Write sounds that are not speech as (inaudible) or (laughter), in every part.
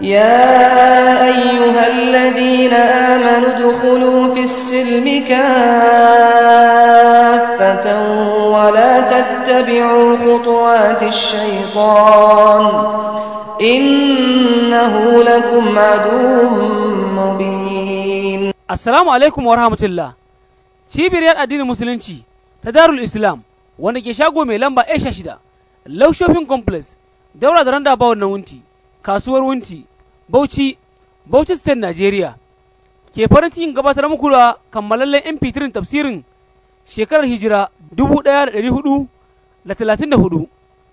يا أيها الذين آمنوا ادخلوا في السلم كافة ولا تتبعوا خطوات الشيطان إنه لكم عدو مبين السلام عليكم ورحمة الله cibiyar addinin musulunci ta darul islam wanda ke shago mai lamba 16 lau shopping complex daura da randa bawon na wunti kasuwar wunti Bauchi, Bauchi State Nigeria ke farin cikin gabatar muku da kammalallen MP3 tafsirin shekarar hijira 1434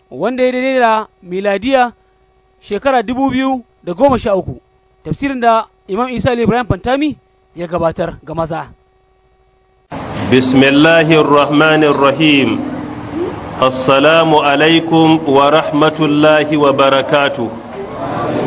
wanda ya daidai da miladiya shekara 2013 tafsirin da Imam Isa Ibrahim Fantami ya gabatar ga maza. Bismillahirrahmanirrahim Assalamu alaikum wa rahmatullahi wa barakatuh.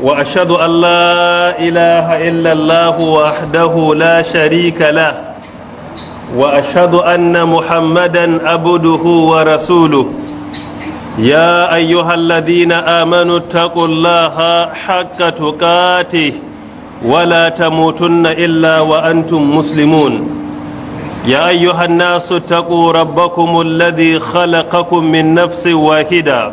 وأشهد أن لا إله إلا الله وحده لا شريك له وأشهد أن محمدا أبده ورسوله يا أيها الذين آمنوا اتقوا الله حق تقاته ولا تموتن إلا وأنتم مسلمون يا أيها الناس اتقوا ربكم الذي خلقكم من نفس واحده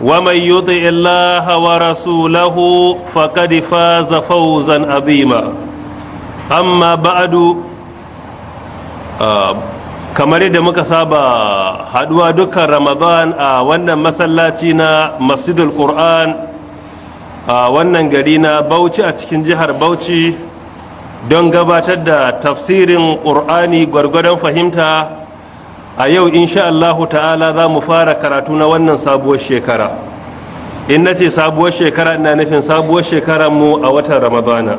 ومن يطع الله ورسوله فقد فاز فوزا عظيما أما بعد kamar yadda muka saba haduwa dukkan ramadan a wannan masallaci na masjidul qur'an a wannan gari na bauchi a cikin jihar bauchi don gabatar da tafsirin qur'ani gwargwadon fahimta a yau insha Allahu ta'ala za mu fara karatu na wannan sabuwar shekara in na ce sabuwar shekara ina nufin sabuwar shekarar mu a watan ramadana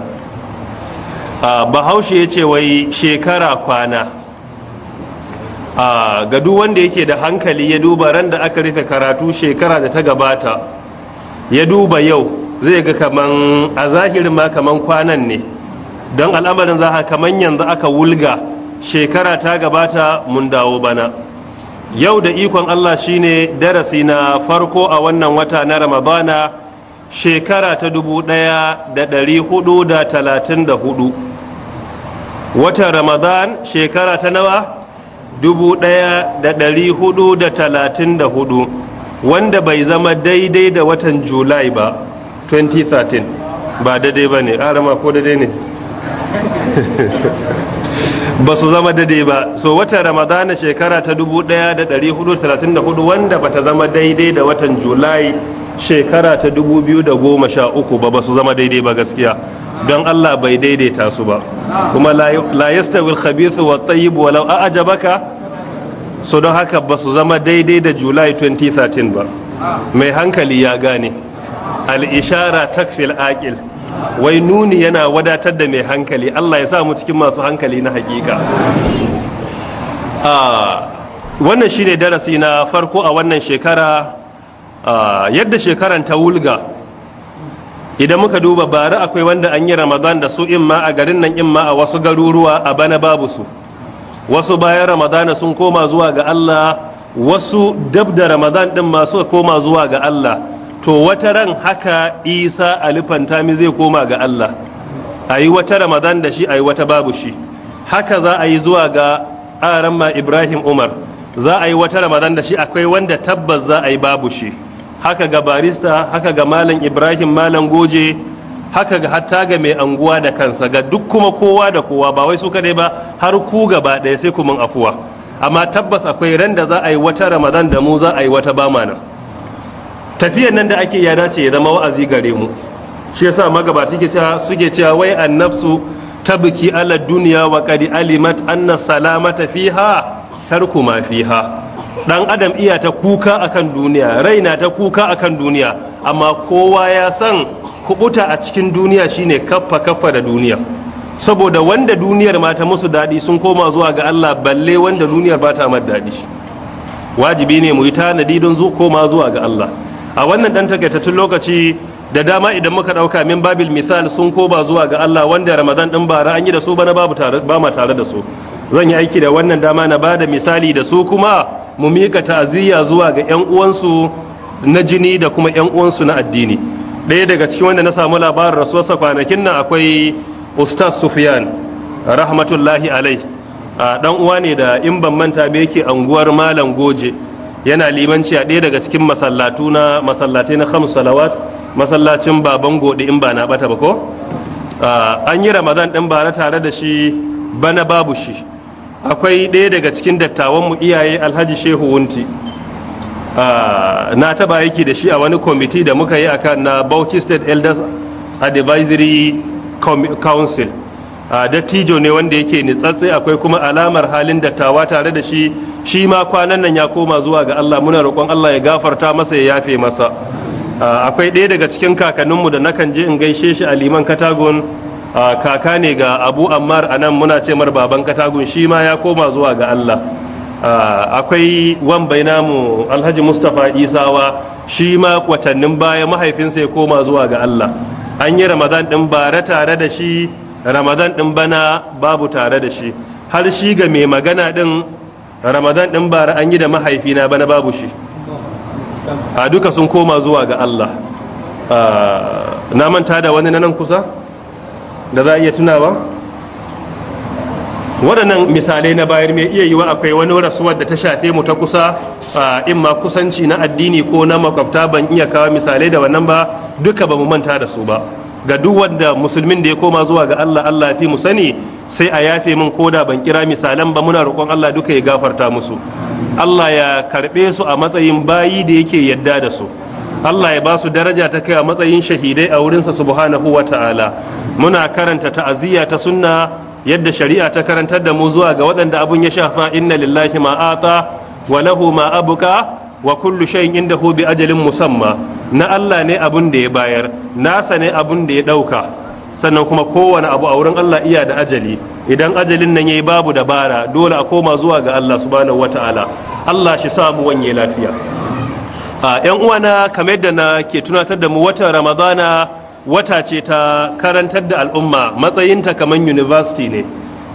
a bahaushe ya ce wai shekara kwana a ga duk wanda yake da hankali ya duba ran da aka rufe karatu shekara da ta gabata ya duba yau zai ga kaman a zahirin ma kaman kwanan ne don al'amarin za ka kaman yanzu aka wulga shekara ta gabata mun dawo bana yau da ikon Allah shine darasi na farko a wannan wata na Ramadana shekara ta dubu ɗaya da ɗari hudu da talatin da hudu watan Ramadan shekara ta nawa dubu ɗaya da ɗari hudu da talatin da hudu wanda bai zama daidai da watan Julai ba 2013 ba daidai ba ne arama ko daidai ne (laughs) ba su zama dade ba so watan ramadana shekara ta 1434 wanda ba ta zama daidai da watan julai shekara ta 2013 ba ba su zama daidai ba gaskiya don allah bai daidaita su ba kuma la yastawil khabithu wa tayyib walau a'jabaka so don haka ba su zama daidai da julai 2013 ba mai hankali ya gane al-ishara takfil aqil wai nuni yana wadatar da mai hankali Allah ya sa mu cikin masu hankali na hakika ah, wannan shine darasi na farko a wannan shekara ah, yadda shekaran ta wulga idan muka duba bari akwai wanda an yi ramadan da su imma a garin nan imma a wasu garuruwa a bana babu su wasu bayan ramadana sun koma zuwa ga Allah wasu dab da ramadan din ma koma zuwa ga Allah to wata ran haka isa mi zai koma ga allah a yi wata ramadan da shi a yi wata babu shi haka za a yi zuwa ga aramma ibrahim umar za a yi wata ramadan da shi akwai wanda tabbas za a yi babu shi haka ga barista haka ga malam ibrahim malam goje haka ga hatta ga mai anguwa da kansa ga duk kuma kowa da kowa ba wai su kadai ba har ku gaba ɗaya sai kuma afuwa amma tabbas akwai ran da za a yi wata ramadan da mu za a yi wata bamanan tafiyan nan da ake ya dace ya zama wa'azi gare mu shi yasa magabaci ke cewa suke cewa wai annafsu tabki ala duniya wa qad alimat anna salamata fiha tarku ma fiha dan adam iya ta kuka akan duniya raina ta kuka akan duniya amma kowa ya san kubuta a cikin duniya shine kaffa kaffa da duniya saboda wanda duniyar ma ta musu dadi sun koma zuwa ga Allah balle wanda duniyar ba ta mar daɗi wajibi ne mu yi tanadi don koma zuwa ga Allah a wannan dan takaitattun lokaci da dama idan muka dauka min babil misal sun koba zuwa ga Allah wanda Ramadan din bara an yi da su bana babu tare ba ma tare da su zan yi aiki da wannan dama na bada misali da su kuma mu mika ta'aziyya zuwa ga yan uwansu na jini da kuma yan uwansu na addini Daya daga cikin wanda na samu labarin rasuwarsa kwanakin nan akwai ustaz sufyan rahmatullahi alai dan uwa ne da in ban manta ba yake anguwar malam goje yana limanci a ɗaya daga cikin masallatu na masallatai na khams salawat masallacin baban gode in ba na bata ba ko an yi ramadan ba na tare da shi bana babu shi akwai ɗaya daga cikin dattawan mu iyaye alhaji shehu wunti na taba yake da shi a wani kwamiti da muka yi akan na bauchi state elders advisory council dattijo ne wanda yake nitsatse akwai kuma alamar halin dattawa tare da shi shi ma kwanan nan ya koma zuwa ga Allah muna roƙon Allah ya gafarta masa ya yafe masa akwai ɗaya daga cikin kakanninmu da nakan je in gaishe shi a liman katagun kaka ne ga abu ammar nan muna ce mar baban katagun shi ma ya koma zuwa ga Allah akwai wambai mu alhaji mustapha isawa shi ma watannin baya mahaifinsa ya koma zuwa ga allah an yi ramadan ɗin bara tare da shi ramadan ɗin bana babu tare da shi har shi ga mai magana ɗin ramadan ɗin bara an yi da mahaifina bana babu shi a duka sun koma zuwa ga allah na manta da wani nan kusa da za a iya tunawa waɗannan misalai na bayar mai iya yiwa akwai wani rasuwar da ta shafe mu ta kusa in ma kusanci na addini ko na makwabta ban iya kawo misalai da wannan ba duka ba mu manta da su ba ga duk wanda musulmin da ya koma zuwa ga Allah Allah fi mu sani sai a yafe min koda ban kira misalan ba muna roƙon Allah duka ya gafarta musu Allah ya karɓe su a matsayin bayi da yake yadda da su Allah ya ba su daraja ta kai a matsayin shahidai a wurinsa subhanahu wa ta'ala muna karanta ta'aziyya ta sunna yadda shari'a ta karantar da mu zuwa ga waɗanda abun ya shafa inna lillahi ma ata wa lahu ma abuka wa kullu shay'in indahu bi ajalin musamma na Allah ne abun da ya bayar nasa ne abun da ya dauka sannan kuma kowane abu a wurin Allah iya da ajali idan ajalin nan yayi babu dabara dole a koma zuwa ga Allah subhanahu wataala Allah shi sa mu wanye lafiya a yan na kamar yadda na ke tunatar da mu wata Ramadana wata ce ta karantar da al'umma matsayinta kamar university ne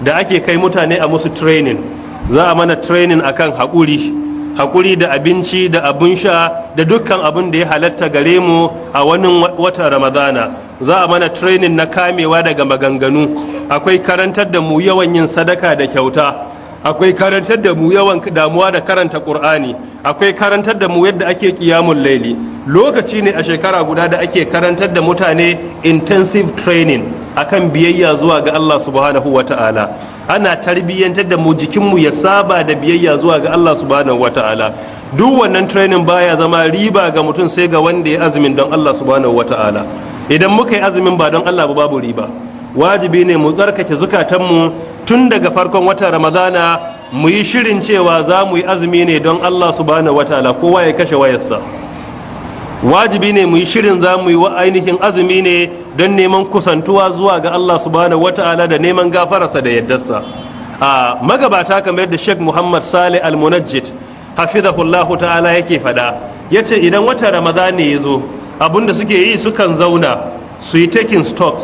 da ake kai mutane a musu training za a mana training akan hakuri. hakuri da abinci da abun sha da dukkan abun da ya halatta gare mu a wani watan ramadana za a mana training na kamewa daga maganganu akwai karantar da mu yawan yin sadaka da kyauta akwai karantar da mu yawan damuwa da karanta ƙur'ani akwai karantar da mu yadda ake ƙiyamun laili lokaci ne a shekara guda da ake karantar da mutane intensive training akan biyayya zuwa ga Allah subhanahu ta'ala. ana tarbiyyantar da mu jikinmu ya saba da biyayya zuwa ga Allah subhanahu ta'ala. duk wannan training baya zama riba ga mutum sai ga wanda ya azumin don Allah subhanahu ta'ala. idan muka yi azumin ba don Allah ba babu riba wajibi ne mu tsarkake zukatanmu tun daga farkon watan ramadana mu yi shirin cewa za mu yi azumi ne don allah subhanahu wataala kowa ya kashe wayarsa wajibi ne mu yi shirin za mu yi wa ainihin azumi ne don neman kusantuwa zuwa ga allah subhanahu wataala da neman gafararsa da yaddarsa a magabata kamar da sheikh muhammad sale al-munajjid hafizahullahu ta'ala yake fada ce idan watan ramadana ya zo abinda suke yi sukan zauna su yi taking stocks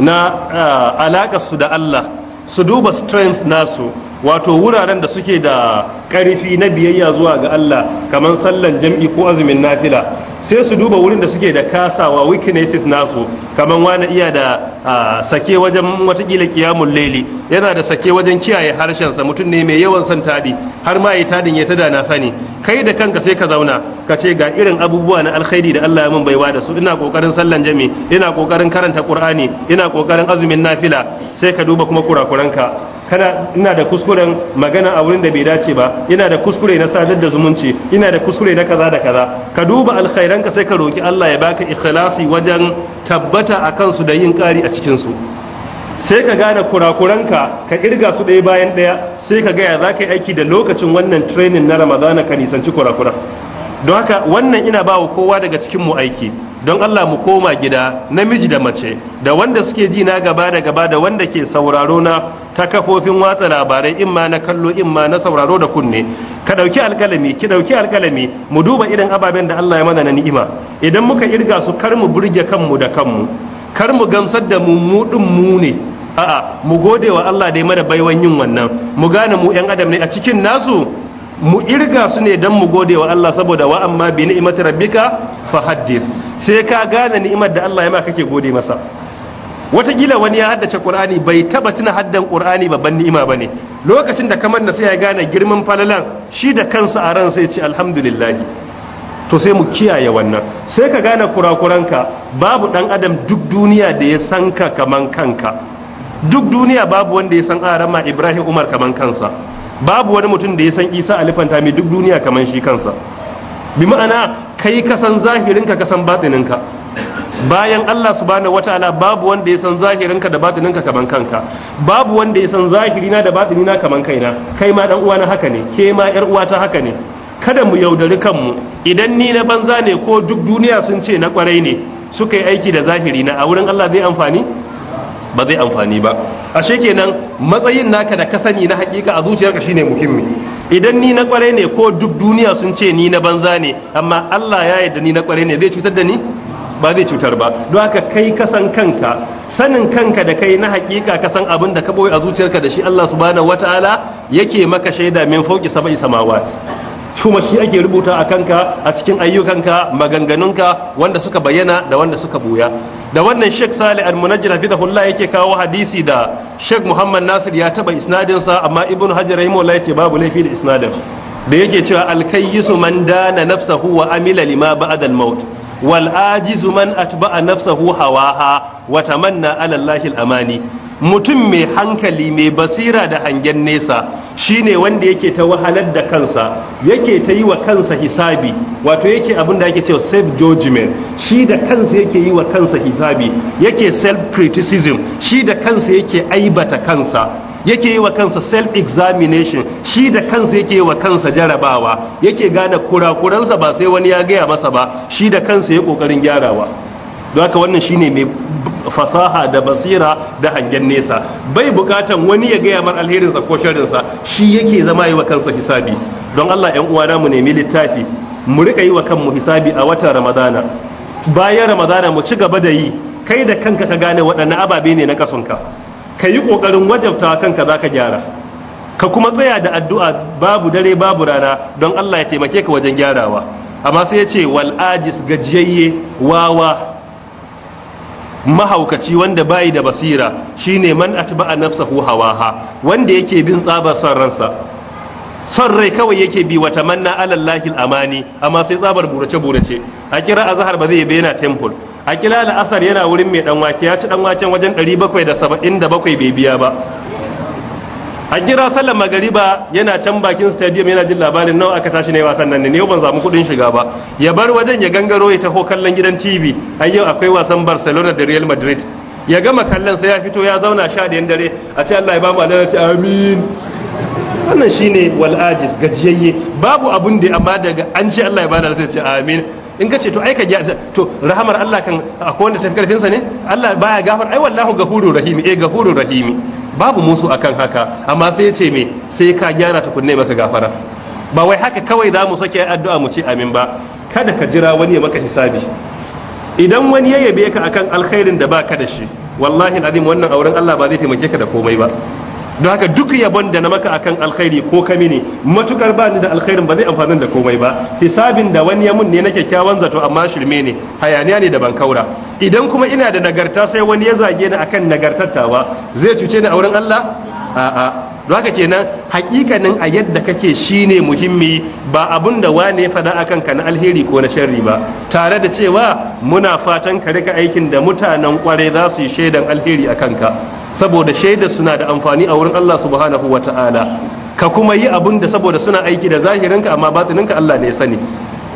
na uh, alaƙar su da Allah su duba strength nasu wato wuraren da suke da ƙarfi na biyayya zuwa ga Allah kamar sallan jam'i ko azumin nafila sai su duba wurin da suke da kasawa weaknesses nasu kamar wani iya da sake wajen watakila kiyamun laili yana da sake wajen kiyaye harshensa mutum ne mai yawan son taɗi har ma yi tadin ya tada na sani kai da kanka sai ka zauna ka ce ga irin abubuwa na alkhairi da Allah ya mun baiwa da su ina kokarin sallan jami ina kokarin karanta qur'ani ina kokarin azumin nafila sai ka duba kuma kurakuranka kana ina da kuskure kuskuren magana a wurin da bai dace ba ina da kuskure na sadar da zumunci ina da kuskure na kaza da kaza ka duba alkhairan ka sai ka roki Allah ya baka ikhlasi wajen tabbata a kansu da yin kari a cikin su sai ka gane kurakuranka ka kirga su ɗaya bayan ɗaya sai ka gaya za ka yi aiki da lokacin wannan training na ramadana ka nisanci kurakuran don haka wannan ina ba kowa daga cikin mu aiki don Allah mu koma gida namiji da mace da wanda suke ji na gaba da gaba da wanda ke sauraro na ta kafofin watsa labarai in ma na kallo in ma na sauraro da kunne ka dauki alkalami ki dauki alkalami mu duba irin ababen da Allah ya mana na ni'ima idan muka irga su kar mu burge kanmu da kanmu kar mu gamsar da mu mu din mu ne a'a mu gode wa Allah da ya mana baiwan yin wannan mu gane mu yan adam ne a cikin nasu mu irga su ne don mu gode wa Allah saboda wa amma bi ni'imati rabbika fa haddis sai ka gane ni'imar da Allah ya ma kake gode masa Wata gila wani ya haddace qur'ani bai taba tuna haddan qur'ani babban ni'ima bane lokacin da kamar na sai ya gane girman falalan shi da kansa a ran sai ya ce alhamdulillah to sai mu kiyaye wannan sai ka gane kurakuranka babu dan adam duk duniya da ya san ka kaman kanka duk duniya babu wanda ya san arama ah, Ibrahim Umar kaman kansa babu wani mutum da ya san isa alifanta mai duk duniya kamar shi kansa bi ma'ana kai ka san zahirinka ka san batininka bayan Allah su wata ala babu wanda ya san zahirinka da batininka kaman kanka babu wanda ya san zahirina da batinina kaman kaina kai ma dan uwana haka ne ke ma yar uwata haka ne kada mu yaudari kanmu idan ni na banza ne ko duk duniya sun ce na kwarai ne suka yi aiki da zahirina a wurin Allah zai amfani ba zai amfani ba ashe kenan matsayin naka da ka sani na hakika a zuciyarka shine muhimmi idan ni na kware ne ko duk duniya sun ce ni na banza ne amma Allah ya yarda ni na kware ne zai cutar da ni ba zai cutar ba don haka kai kasan kanka sanin kanka da kai na hakika kasan abin da ka boye a zuciyarka da shi Allah subhanahu wataala yake maka shaida min fauki sab'i samawat kuma shi ake rubuta a kanka a cikin ayyukanka maganganunka wanda suka bayyana da wanda suka buya da wannan Sheikh Salih Al-Munajjir hafizahullah yake kawo hadisi da Sheikh Muhammad Nasir ya taba isnadin sa amma Ibn Hajar rahimahullah yace babu laifi da isnadin da yake cewa al-kayyisu man dana nafsahu wa amila lima ba'da al-maut wal ajizu man atba'a nafsahu hawaha wa tamanna ala Allahil amani mutum mai hankali mai basira da hangen nesa shine wanda yake ta wahalar da kansa yake ta yi wa kansa hisabi wato yake abin da yake cewa self judgment shi da kansa yake yi wa kansa hisabi yake self criticism shi da kansa yake aibata kansa yake yi wa kansa self examination shi da kansa yake yi wa kansa jarabawa yake gane kurakuransa ba sai wani ya gaya masa ba shi da kansa ya kokarin gyarawa don haka wannan shine mai fasaha da basira da hangen nesa bai bukatan wani ya gaya mar alherinsa ko sharinsa shi yake zama yi wa kansa hisabi don allah yan uwana mu nemi littafi mu rika yi wa kanmu hisabi a watan ramadana bayan ramadana mu ci gaba da yi kai da kanka ka gane waɗanne ababe ne na kasonka ka yi ƙoƙarin wajabta kanka za ka gyara ka kuma tsaya da addu'a babu dare babu rana don Allah ya taimake ka wajen gyarawa amma sai ya ce wal'ajis gajiyayye wawa mahaukaci wanda bayi da basira shine man atba'a hawa hawaha wanda yake bin tsabar son ransa son rai kawai yake bi wata manna alallahi amani amma sai tsabar burace burace a kira zahar ba zai bayyana temple a kila la'asar yana wurin mai dan ya ci dan waken wajen 777 bai biya ba a kira sallar magariba yana can bakin stadium yana jin labarin nawa aka tashi ne wasan nan ne ban samu kudin shiga ba ya bar wajen ya gangaro ya taho kallon gidan tv ayyau akwai wasan barcelona da real madrid ya gama kallon sai ya fito ya zauna sha da dare a ce allah ya mu adana ce amin wannan shine wal gajiyayye babu abun da amma daga an ce allah ya ba da ce amin in ka ce to ai ka to rahamar Allah kan akwai wanda tafi karfin sa ne Allah baya gafar ai wallahu gafurur rahimi eh gafurur rahimi babu musu akan haka amma sai ya ce me sai ka gyara ta kunne maka gafara ba wai haka kawai za mu sake addu'a mu ce amin ba kada ka jira wani ya maka hisabi idan wani ya yabe ka akan alkhairin da ba ka da shi wallahi alazim wannan auren Allah ba zai taimake ka da komai ba don haka duk yabon da na maka akan alkhairi ko kami ne matukar ba ni da alkhairin ba zai amfani da komai ba hisabin da wani yamun ne na kyakkyawan zato amma shirme ne hayaniya ne da ban kaura idan kuma ina da nagarta sai wani ya zage ni akan nagartattawa zai cuce ni auren Allah a'a haka kenan hakikanin a yadda kake shine muhimmi ba abun da wane ya faɗa akan ka na alheri ko na sharri ba tare da cewa muna fatan ka rika aikin da mutanen kware za su yi shaidan alheri akan ka saboda shaida suna da amfani a wurin Allah subhanahu wata'ala ka kuma yi abun da saboda suna aiki da zahirinka amma batininka Allah ne ya sani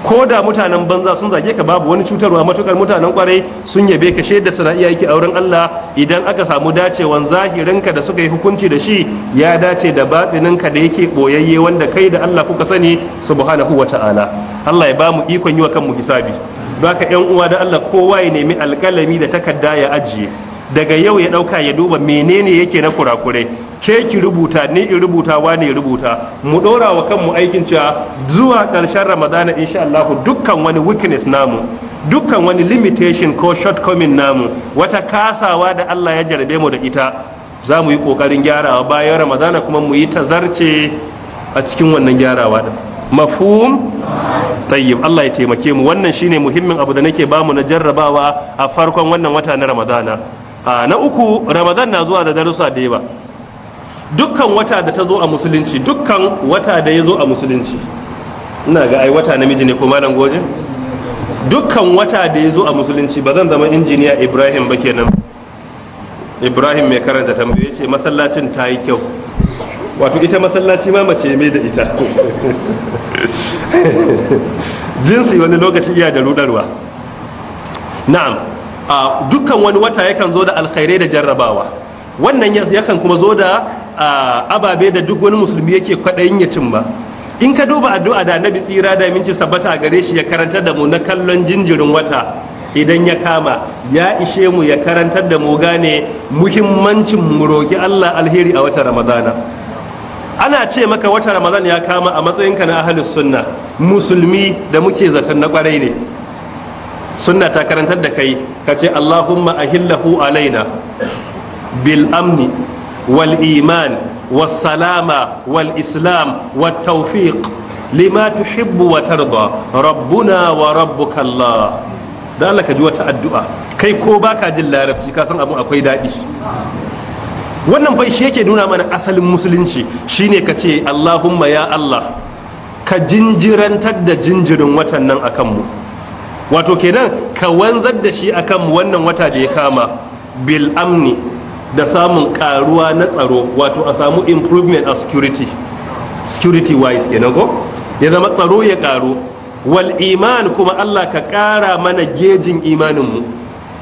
ko da mutanen banza sun zage ka babu wani cutarwa matukar mutanen kwarai sun yabe ka shaida suna iya yake a wurin Allah idan aka samu dacewan zahirinka da suka yi hukunci da shi ya dace da batininka da yake boyayye wanda kai da Allah kuka sani subhanahu ta'ala. Allah ya bamu ikon yi wa kanmu hisabi baka yan uwa da Allah kowa ya nemi alkalami da takarda ya ajiye daga yau ya ɗauka ya duba menene yake na kurakurai ke ki rubuta ni in rubuta wa ya rubuta mu ɗora wa kanmu aikin cewa zuwa karshen ramadana insha Allah dukkan wani weakness namu dukkan wani limitation ko shortcoming namu wata kasawa da Allah ya jarabe mu da ita za mu yi ƙoƙarin gyarawa bayan ramadana kuma mu yi tazarce a cikin wannan gyarawa din mafhum tayyib Allah ya taimake mu wannan shine muhimmin abu da nake ba mu na jarrabawa a farkon wannan wata na ramadana A na uku ramadan na zuwa da darussa da yawa dukkan wata da ta zo a musulunci dukkan wata da ya zo a musulunci ina ga ai wata namiji ne ko malam goje dukkan wata da ya zo a musulunci ba zan zama injiniya ibrahim ba kenan ibrahim mai karanta tambaye ce masallacin ta yi kyau wato ita masallaci ma mace mai da ita (laughs) jinsi wani lokaci iya da rudarwa na'am dukkan wani wata yakan zo da alkhairai da jarrabawa wannan yakan kuma zo da ababe da duk wani musulmi yake kwaɗayin ya cimma in ka duba addu'a da nabi tsira da minci sabbata a gare shi ya karantar da mu na kallon jinjirin wata idan ya kama ya ishe mu ya karantar da mu gane muhimmancin mu roki Allah alheri a watan Ramadana ana ce maka watan Ramadana ya kama a matsayinka na ahlus sunna musulmi da muke zaton na kwarai ne sunna ta karantar da kai ka ce Allahumma ahillahu alaina bil amni wal iman was salama wal islam wat tawfiq lima tuhibbu wa tarda rabbuna wa rabbuka Allah da Allah ka ji wata addu'a kai ko baka jin larabci ka san abu akwai daɗi wannan bai shi yake nuna mana asalin musulunci shine ka ce Allahumma ya Allah ka jinjirantar da jinjirin watan nan akan mu wato kenan ka wanzar da shi akan wannan wata da ya kama bil amni da samun karuwa na tsaro wato a samu improvement a security security wise kenan ko ya zama tsaro ya karu wal iman kuma Allah ka kara mana gejin imanin mu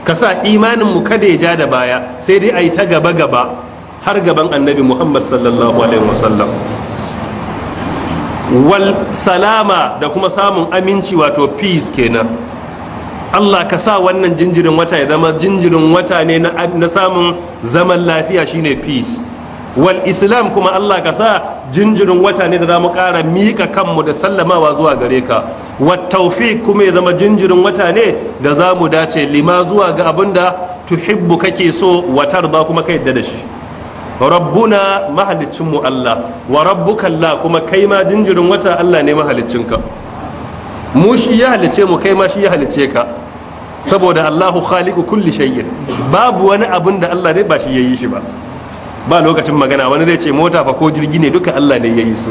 ka sa imanin mu kada ya ja da baya sai dai ayi ta gaba gaba har gaban annabi Muhammad sallallahu alaihi wasallam wal salama da kuma samun aminci wato peace kenan Allah ka sa wannan jinjirin wata ya zama jinjirin wata ne na samun zaman lafiya shine peace wal islam kuma Allah ka sa jinjirin wata ne da za mu ƙara miƙa kanmu da sallamawa zuwa gare ka wat tawfiq kuma ya zama jinjirin wata ne da za mu dace lima zuwa ga abin da tuhibbu kake so watar ba kuma ka yadda da shi rabbuna mahalicinmu Allah wa rabbuka Allah kuma kai ma jinjirin wata Allah ne mahalicinka mu shi ya halice mu kai ma shi ya halice ka saboda Allahu khaliqu kulli shay'in babu wani abin da Allah ne ba shi yayi shi ba ba lokacin magana wani zai ce mota fa ko jirgi ne duka Allah ne yayi su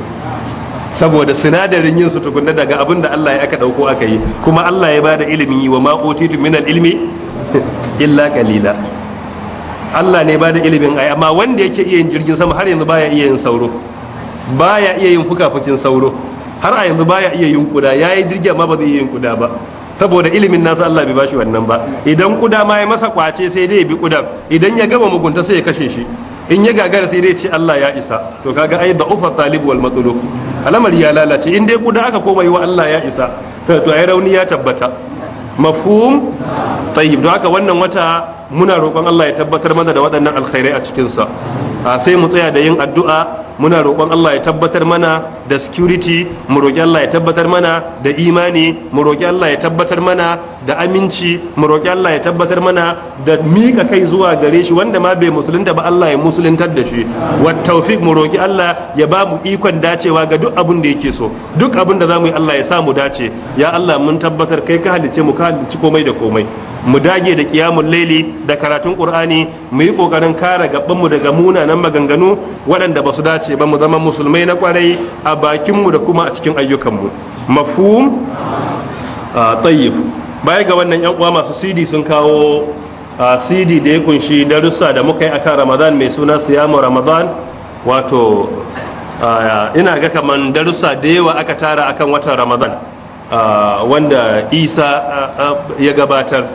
saboda sinadarin yin su tukunna daga abin da Allah ya aka dauko aka yi kuma Allah ya bada ilimi wa ma utitu min ilmi (laughs) illa qalila Allah ne bada ilimin ai amma wanda yake iya yin jirgin sama har yanzu baya iya yin sauro baya iya yin fuka fukafukin sauro har a yanzu baya iya yin kuda yi jirgi amma ba zai iya yin kuda ba saboda ilimin nasa Allah bai bashi wannan ba idan kuda ma ya masa kwace sai dai ya bi kudan idan ya gama mugunta sai ya kashe shi in ya gagara sai dai ce Allah ya isa to kaga ai da ufa talib wal matlub alamar ya lalace in dai kuda aka koma yi wa Allah ya isa to ai rauni ya tabbata mafhum tayyib don haka wannan wata muna roƙon Allah ya tabbatar mana da waɗannan alkhairai a cikinsa sai mu tsaya da yin addu'a muna roƙon Allah ya tabbatar mana da security mu roƙi Allah ya tabbatar mana da imani mu roƙi Allah ya tabbatar mana da aminci mu roƙi Allah ya tabbatar mana da mika kai zuwa gare shi wanda ma bai musulunta ba Allah ya musuluntar da shi wa tawfiq mu roƙi Allah ya ba mu ikon dacewa ga duk abin da yake so duk abin da zamu yi Allah ya sa mu dace ya Allah mun tabbatar kai ka halice mu ka halice komai da komai mu dage da qiyamul laili da karatun qur'ani mu yi kokarin kare gabanmu daga munanan maganganu waɗanda ba su dace ba mu zama musulmai na kwarai a bakinmu da kuma a cikin ayyukanmu mafhum tayyib baya ga wannan yan uwa masu cd sun kawo cd da ya kunshi darussa da muka yi akan ramadan mai suna siyamu ramadan wato ina ga kaman darussa da yawa aka tara akan watan ramadan wanda isa ya gabatar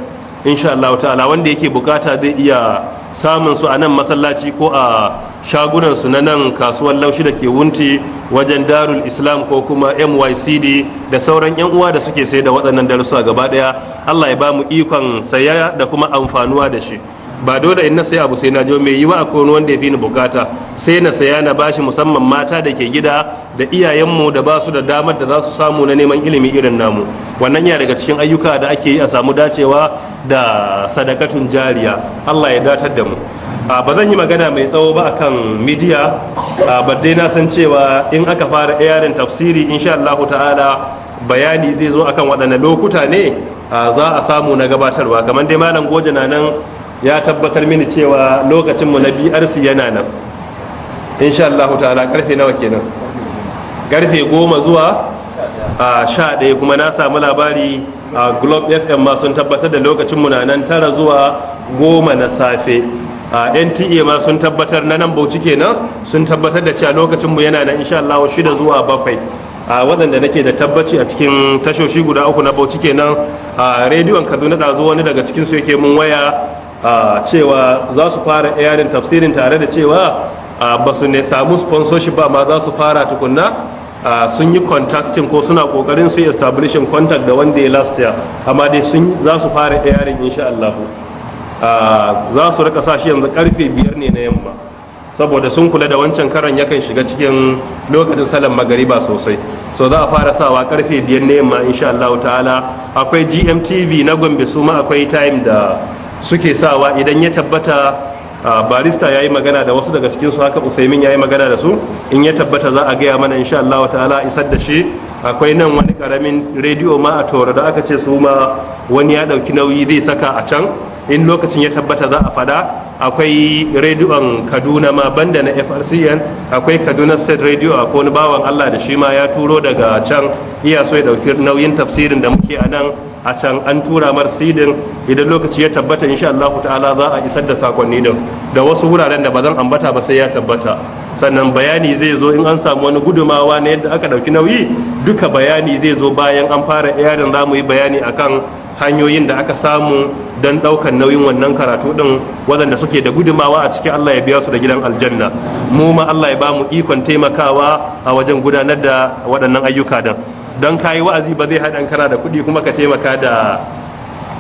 insha Allah ta'ala wanda yake bukata zai iya samun su a nan masallaci ko a shagunan su na nan kasuwar laushi da ke wunti wajen darul islam ko kuma mycd da sauran yan uwa da suke sai da waɗannan darussa gaba daya allah ya ba mu ikon saya da kuma amfanuwa da shi ba dole in na saya abu sai na je mai a akwai wanda ya fi ni bukata sai na saya na bashi musamman mata da ke gida da iyayenmu da ba su da damar da za su samu na neman ilimi irin namu wannan ya daga cikin ayyuka da ake yi a samu dacewa da sadakatun jariya Allah ya datar da mu ba zan yi magana mai tsawo ba akan midiya ba dai na san cewa in aka fara yarin tafsiri insha Allah ta'ala bayani zai zo akan waɗanne lokuta ne za a samu na gabatarwa kamar dai malam goje na nan ya tabbatar mini cewa lokacin mu na BRC yana nan insha Allah ta'ala karfe nawa kenan karfe goma zuwa a ɗaya kuma na samu labari a globe fm ma sun tabbatar da lokacin mu na nan tara zuwa goma na safe a nta ma sun tabbatar na nan bauchi kenan sun tabbatar da cewa lokacin mu yana nan insha Allah shida zuwa bakwai a waɗanda nake da tabbaci a cikin tashoshi guda uku na bauchi kenan a rediyon kaduna ɗazu wani daga cikin su yake mun waya cewa za su fara airin tafsirin tare da cewa ba su ne samu sponsorship ba ma za su fara tukunna sun yi contacting ko suna kokarin su establishing contact da wanda ya last year amma dai sun za su fara airin insha Allah za su rika sa yanzu karfe biyar ne na yamma saboda sun kula da wancan karan yakan shiga cikin lokacin salon magariba sosai so za a fara sawa karfe biyar na yamma insha Allah ta'ala akwai GMTV na Gombe su ma akwai time da suke sawa idan ya tabbata barista ya yi magana da wasu daga cikinsu haka usaimin ya yi magana da su in ya tabbata za a gaya mana insha Allah ta'ala isar da shi akwai nan wani karamin rediyo ma a toro da aka ce su ma wani ya dauki nauyi zai saka a can in lokacin ya tabbata za a fada akwai rediyon kaduna ma banda na frcn akwai kaduna state radio a wani bawan allah da shi ma ya turo daga can iya so ya dauki nauyin tafsirin da muke a nan a can an tura marsidin idan lokaci ya tabbata insha allahu ta'ala za a isar da sakonni din da wasu wuraren da ba zan ambata ba sai ya tabbata sannan bayani zai zo in an samu wani gudumawa na yadda aka dauki nauyi duk duka bayani zai zo bayan an fara yarin za mu yi bayani akan hanyoyin da aka samu don daukan nauyin wannan karatu ɗin wadanda suke da gudumawa a cikin Allah ya biya su da gidan aljanna mu ma Allah ya ba mu ikon taimakawa a wajen gudanar da waɗannan ayyuka don don kayi wa'azi ba zai haɗa kana da kuɗi kuma ka taimaka da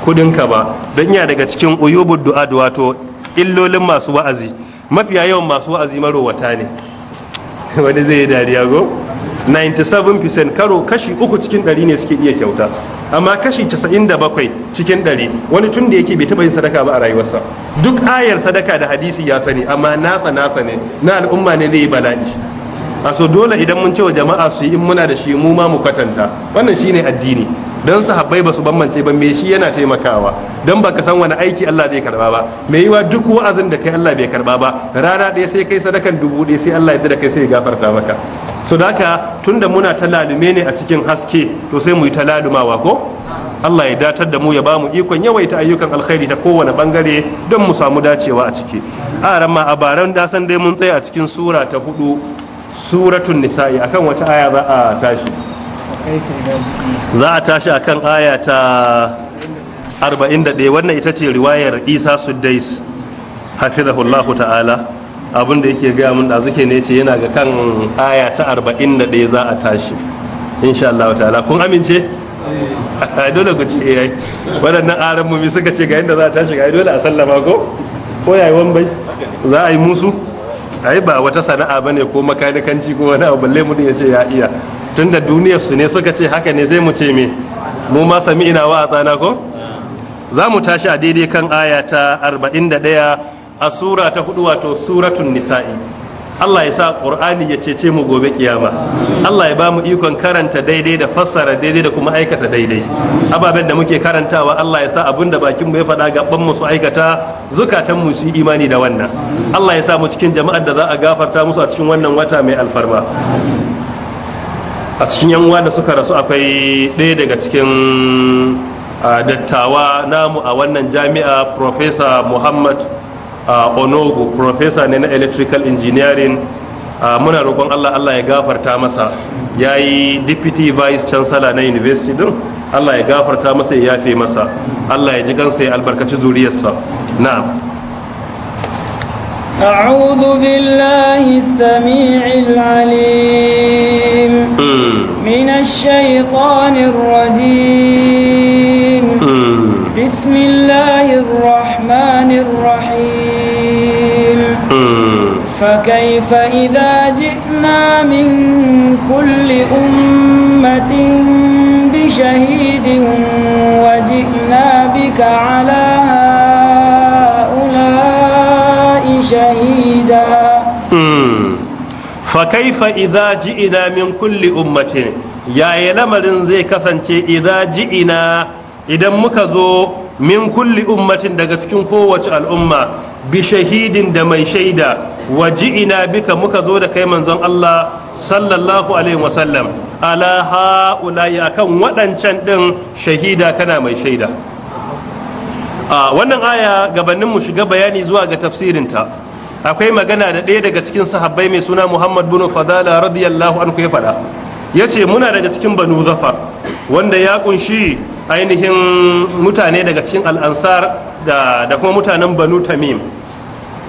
kuɗinka ba don yana daga cikin uyubu du'a wato illolin masu wa'azi mafiya yawan masu wa'azi marowata ne (laughs) wani zai yi dariya go 97% karo kashi uku cikin ɗari ne suke iya kyauta amma kashi 97 cikin ɗari wani tun da yake bai taɓa yin sadaka ba a rayuwarsa duk ayar sadaka da hadisi ya sani amma nasa nasa ne na al'umma ne zai yi bala'i a so dole idan mun cewa jama'a su yi in muna da shi mu ma mu kwatanta wannan shine addini dan sahabbai ba su bambance ba me shi yana taimakawa dan baka san wani aiki Allah zai karba ba me yiwa duk wa'azin da kai Allah bai karba ba rana ɗaya sai kai sadakan dubu ɗaya sai Allah ya da kai sai ya gafarta maka so da haka tunda muna talalume ne a cikin haske to sai mu yi talalumawa ko Allah ya datar da mu ya bamu ikon yawaita ayyukan alkhairi ta kowane bangare don mu samu dacewa a ciki a ran ma a baran da san dai mun tsaya a cikin sura ta hudu suratun nisa'i akan wata aya za a tashi za a tashi akan aya ta 41 wannan ita ce riwayar isa da hafizahullahu ta'ala abinda yake gaya mun da zuke ne ce yana ga kan aya ta 41 za a tashi insha Allah ta'ala kun amince dole ku ce yayi eh. waɗannan aran mummi suka ce ga inda za a tashi ga dole a sallama ko ko yayi wambai za a yi musu ai ba wata sana'a bane ko makanikanci ko wani abu balle mutum ya ce ya iya tunda duniyar su ne suka ce haka ne zai mu ce me mu ma sami ina wa a ko za mu tashi a daidai kan aya ta 41 a sura ta hudu wato suratun nisa'i Allah ya sa Qur'ani ya cece mu gobe kiyama Allah ya ba mu ikon karanta daidai da fassara daidai da kuma aikata daidai ababen da muke karantawa Allah ya sa abin da bakin mu ya faɗa ga mu su aikata zukatan mu su imani da wannan Allah ya sa mu cikin jama'ar da za a gafarta musu a cikin wannan wata mai alfarma a cikin yan da suka rasu akwai ɗaya daga cikin dattawa namu a wannan jami'a Professor Muhammad uh, onogu profesa ne na electrical engineering uh, muna roƙon allah allah ya gafarta masa ya yi deputy vice chancellor na university din allah ya gafarta masa ya yafe masa allah ya ji kansa ya albarkaci zuriyarsa na أعوذ بالله السميع العليم من الشيطان الرجيم بسم الله الرحمن الرحيم فكيف إذا جئنا من كل أمة بشهيد وجئنا بك على هؤلاء شهيدا فكيف إذا جئنا من كل أمة يا لمرن زي كسنتي إذا جئنا idan muka zo min kulli ummatin daga cikin kowace al'umma bi shahidin da mai shaida wa ji'ina bika muka zo da kai manzon Allah sallallahu alaihi wasallam ala ha'ula'i akan waɗancan ɗin shahida kana mai shaida a wannan aya gabanin mu shiga bayani zuwa ga tafsirinta akwai magana da ɗaya daga cikin sahabbai mai suna Muhammad bin Fadala radiyallahu anhu ya faɗa ya ce muna daga cikin banu zafar wanda ya kunshi ainihin mutane daga cikin al'ansar da kuma mutanen banu tamim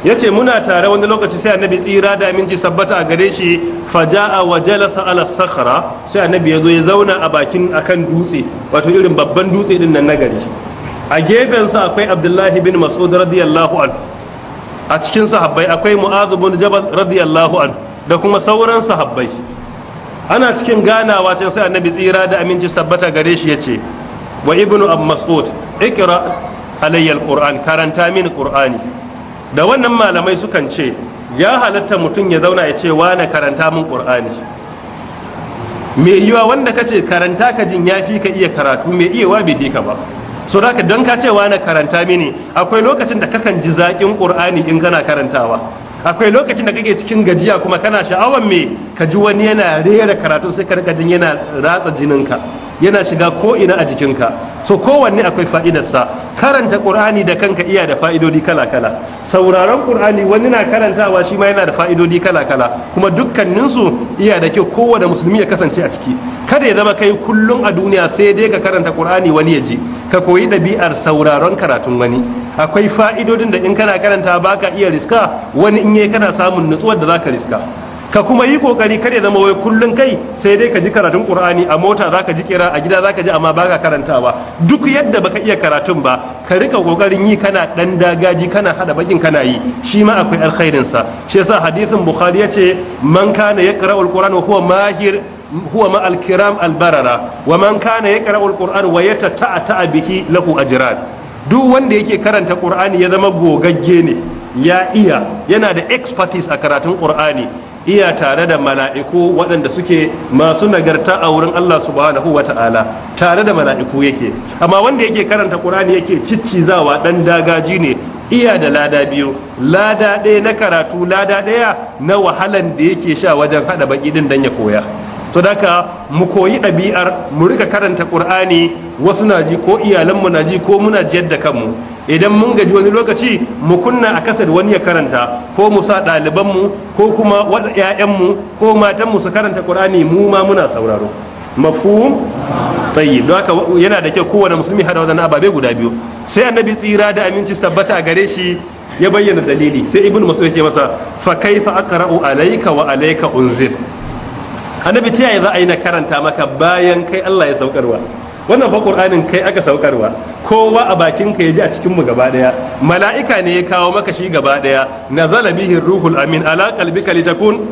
ya ce muna tare wani lokaci sai annabi tsira da aminci sabbata a gare shi faja'a wa jalasa ala sakhara sai annabi ya zo ya zauna a bakin akan dutse wato irin babban dutse din nan nagari a gefensa akwai abdullahi bin mas'ud radiyallahu an a cikin sahabbai akwai mu'adh bin jabal radiyallahu an da kuma sauran sahabbai ana cikin ganawa can sai annabi tsira da aminci sabbata gare shi ya ce wa ibnu abu mas'ud ikra alayya al-qur'an karanta mini qur'ani da wannan malamai sukan ce ya halatta mutum ya zauna ya ce na karanta min qur'ani me yiwa wanda kace karanta ka jin yafi ka iya karatu me iya wa bai ka ba so da don ka ce na karanta mini akwai lokacin da kakan ji zaƙin qur'ani in kana karantawa akwai lokacin da kake cikin gajiya kuma kana sha'awan me ka ji wani yana rera karatu sai ka rika yana ratsa jininka yana shiga ko ina a jikinka so kowanne akwai fa'idarsa karanta ƙur'ani da kanka iya da fa'idodi kala kala sauraron qur'ani wani na karantawa shi ma yana da fa'idodi kala kala kuma dukkanin su iya da kyau kowane musulmi ya kasance a ciki kada ya zama kai kullum a duniya sai dai ka karanta qur'ani wani ya ji ka koyi ɗabi'ar sauraron karatun wani akwai fa'idodin da in kana karanta baka iya riska wani in yayi kana samun nutsuwar da zaka riska ka kuma yi kokari kar zama wai kullun kai sai dai ka ji karatun qur'ani a mota zaka ji kira a gida zaka ji amma baka karantawa duk yadda baka iya karatun ba ka rika kokarin yi kana dan dagaji kana hada bakin kana yi shi ma akwai alkhairin sa shi yasa hadisin bukhari yace man kana yaqra'ul wa huwa mahir huwa ma alkiram albarara wa man kana yaqra'ul qur'ana wa yatata'a bihi lahu ajran duk wanda yake karanta qur'ani ya zama gogagge ne ya iya yana da expertise a karatun qur'ani iya tare da mala'iku waɗanda suke masu nagarta a wurin Allah subhanahu wa ta'ala tare da mala'iku yake amma wanda yake karanta ƙur'ani yake ciccizawa ɗan dagaji ne iya da lada biyu lada ɗaya na karatu lada ɗaya na wahalan da yake sha wajen haɗa baki din dan ya koya so daka mu koyi ɗabi'ar mu rika karanta ƙur'ani wasu na ji ko iyalanmu na ji ko muna jiyar da kanmu idan mun gaji wani lokaci mu kunna a kasar wani ya karanta ko mu sa ɗalibanmu ko kuma 'ya'yanmu ko matanmu su karanta ƙur'ani mu ma muna sauraro mafhum tayyib haka yana da kyau kowane musulmi hada wannan ababe guda biyu sai annabi tsira da aminci tabbata a gare shi ya bayyana dalili sai ibn mas'ud yake masa fa kaifa aqra'u alayka wa alayka unzir annabi ta yaya za a yi na karanta maka bayan kai Allah ya saukarwa wannan fa qur'anin kai aka saukarwa kowa a bakin ka yaji a cikin mu gaba daya mala'ika ne ya kawo maka shi gaba daya nazala bihi ruhul amin ala qalbika litakun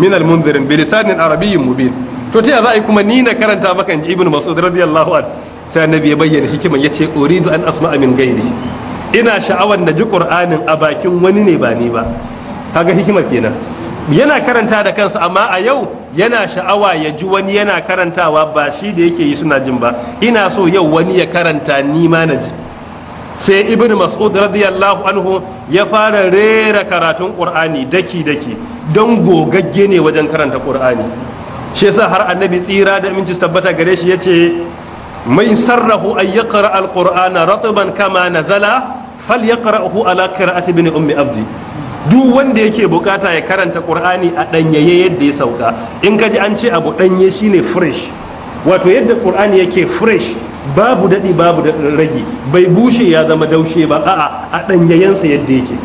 min al munzirin bi lisanin arabiyyin mubin to ta za a yi kuma ni na karanta maka in ji Ibn mas'ud radiyallahu an sai annabi ya bayyana hikiman yace uridu an asma'a min ghairi ina sha'awar na ji qur'anin a bakin wani ne ba ni ba kaga hikimar kenan yana karanta da kansa amma a yau yana sha'awa ya ji wani yana karantawa ba shi da yake yi suna jin ba ina so yau wani ya karanta ni ma na ji sai ibn mas'ud radiyallahu anhu ya fara rera karatun qur'ani daki daki don gogagge ne wajen karanta qur'ani shi yasa har annabi tsira da aminci tabbata gare shi yace mai sarrahu an yaqra alqur'ana ratban kama nazala falyaqrahu ala qira'ati ibn ummi abdi duk wanda yake bukata ya karanta qur'ani a danyaye yadda ya sauka in ka ji an ce abu danye shine fresh wato yadda qur'ani yake fresh babu dadi babu rage bai bushe ya zama daushe ba a'a a danyayensa yadda yake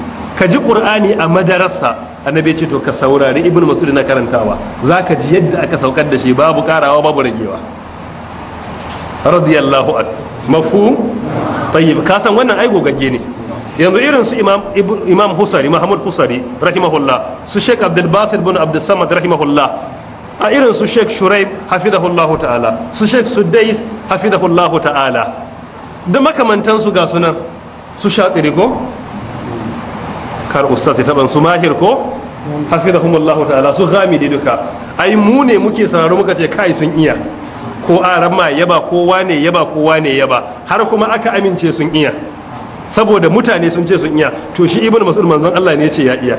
ka ji qur'ani a madarasa annabi ce to ka saurari ibnu mas'ud na karantawa zaka ji yadda aka saukar da shi babu karawa babu ragewa radiyallahu an mafhum tayyib ka san wannan ai gogagge ne yanzu irin su imam imam husari mahmud husari rahimahullah su sheikh abdul bin abdul samad rahimahullah a irin su sheikh shuraib hafidahullahu ta'ala su sheikh sudais hafidahullahu ta'ala da makamantansu ga sunan su sha ko kar ustaz ya taban su mahir ko hafizahumullahu ta'ala su da duka ai mu ne muke sararu muka ce kai sun iya ko aran ma yaba ko wane yaba ko wane yaba har kuma aka amince sun iya saboda mutane sun ce sun iya to shi ibnu mas'ud manzon Allah ne ya ce ya iya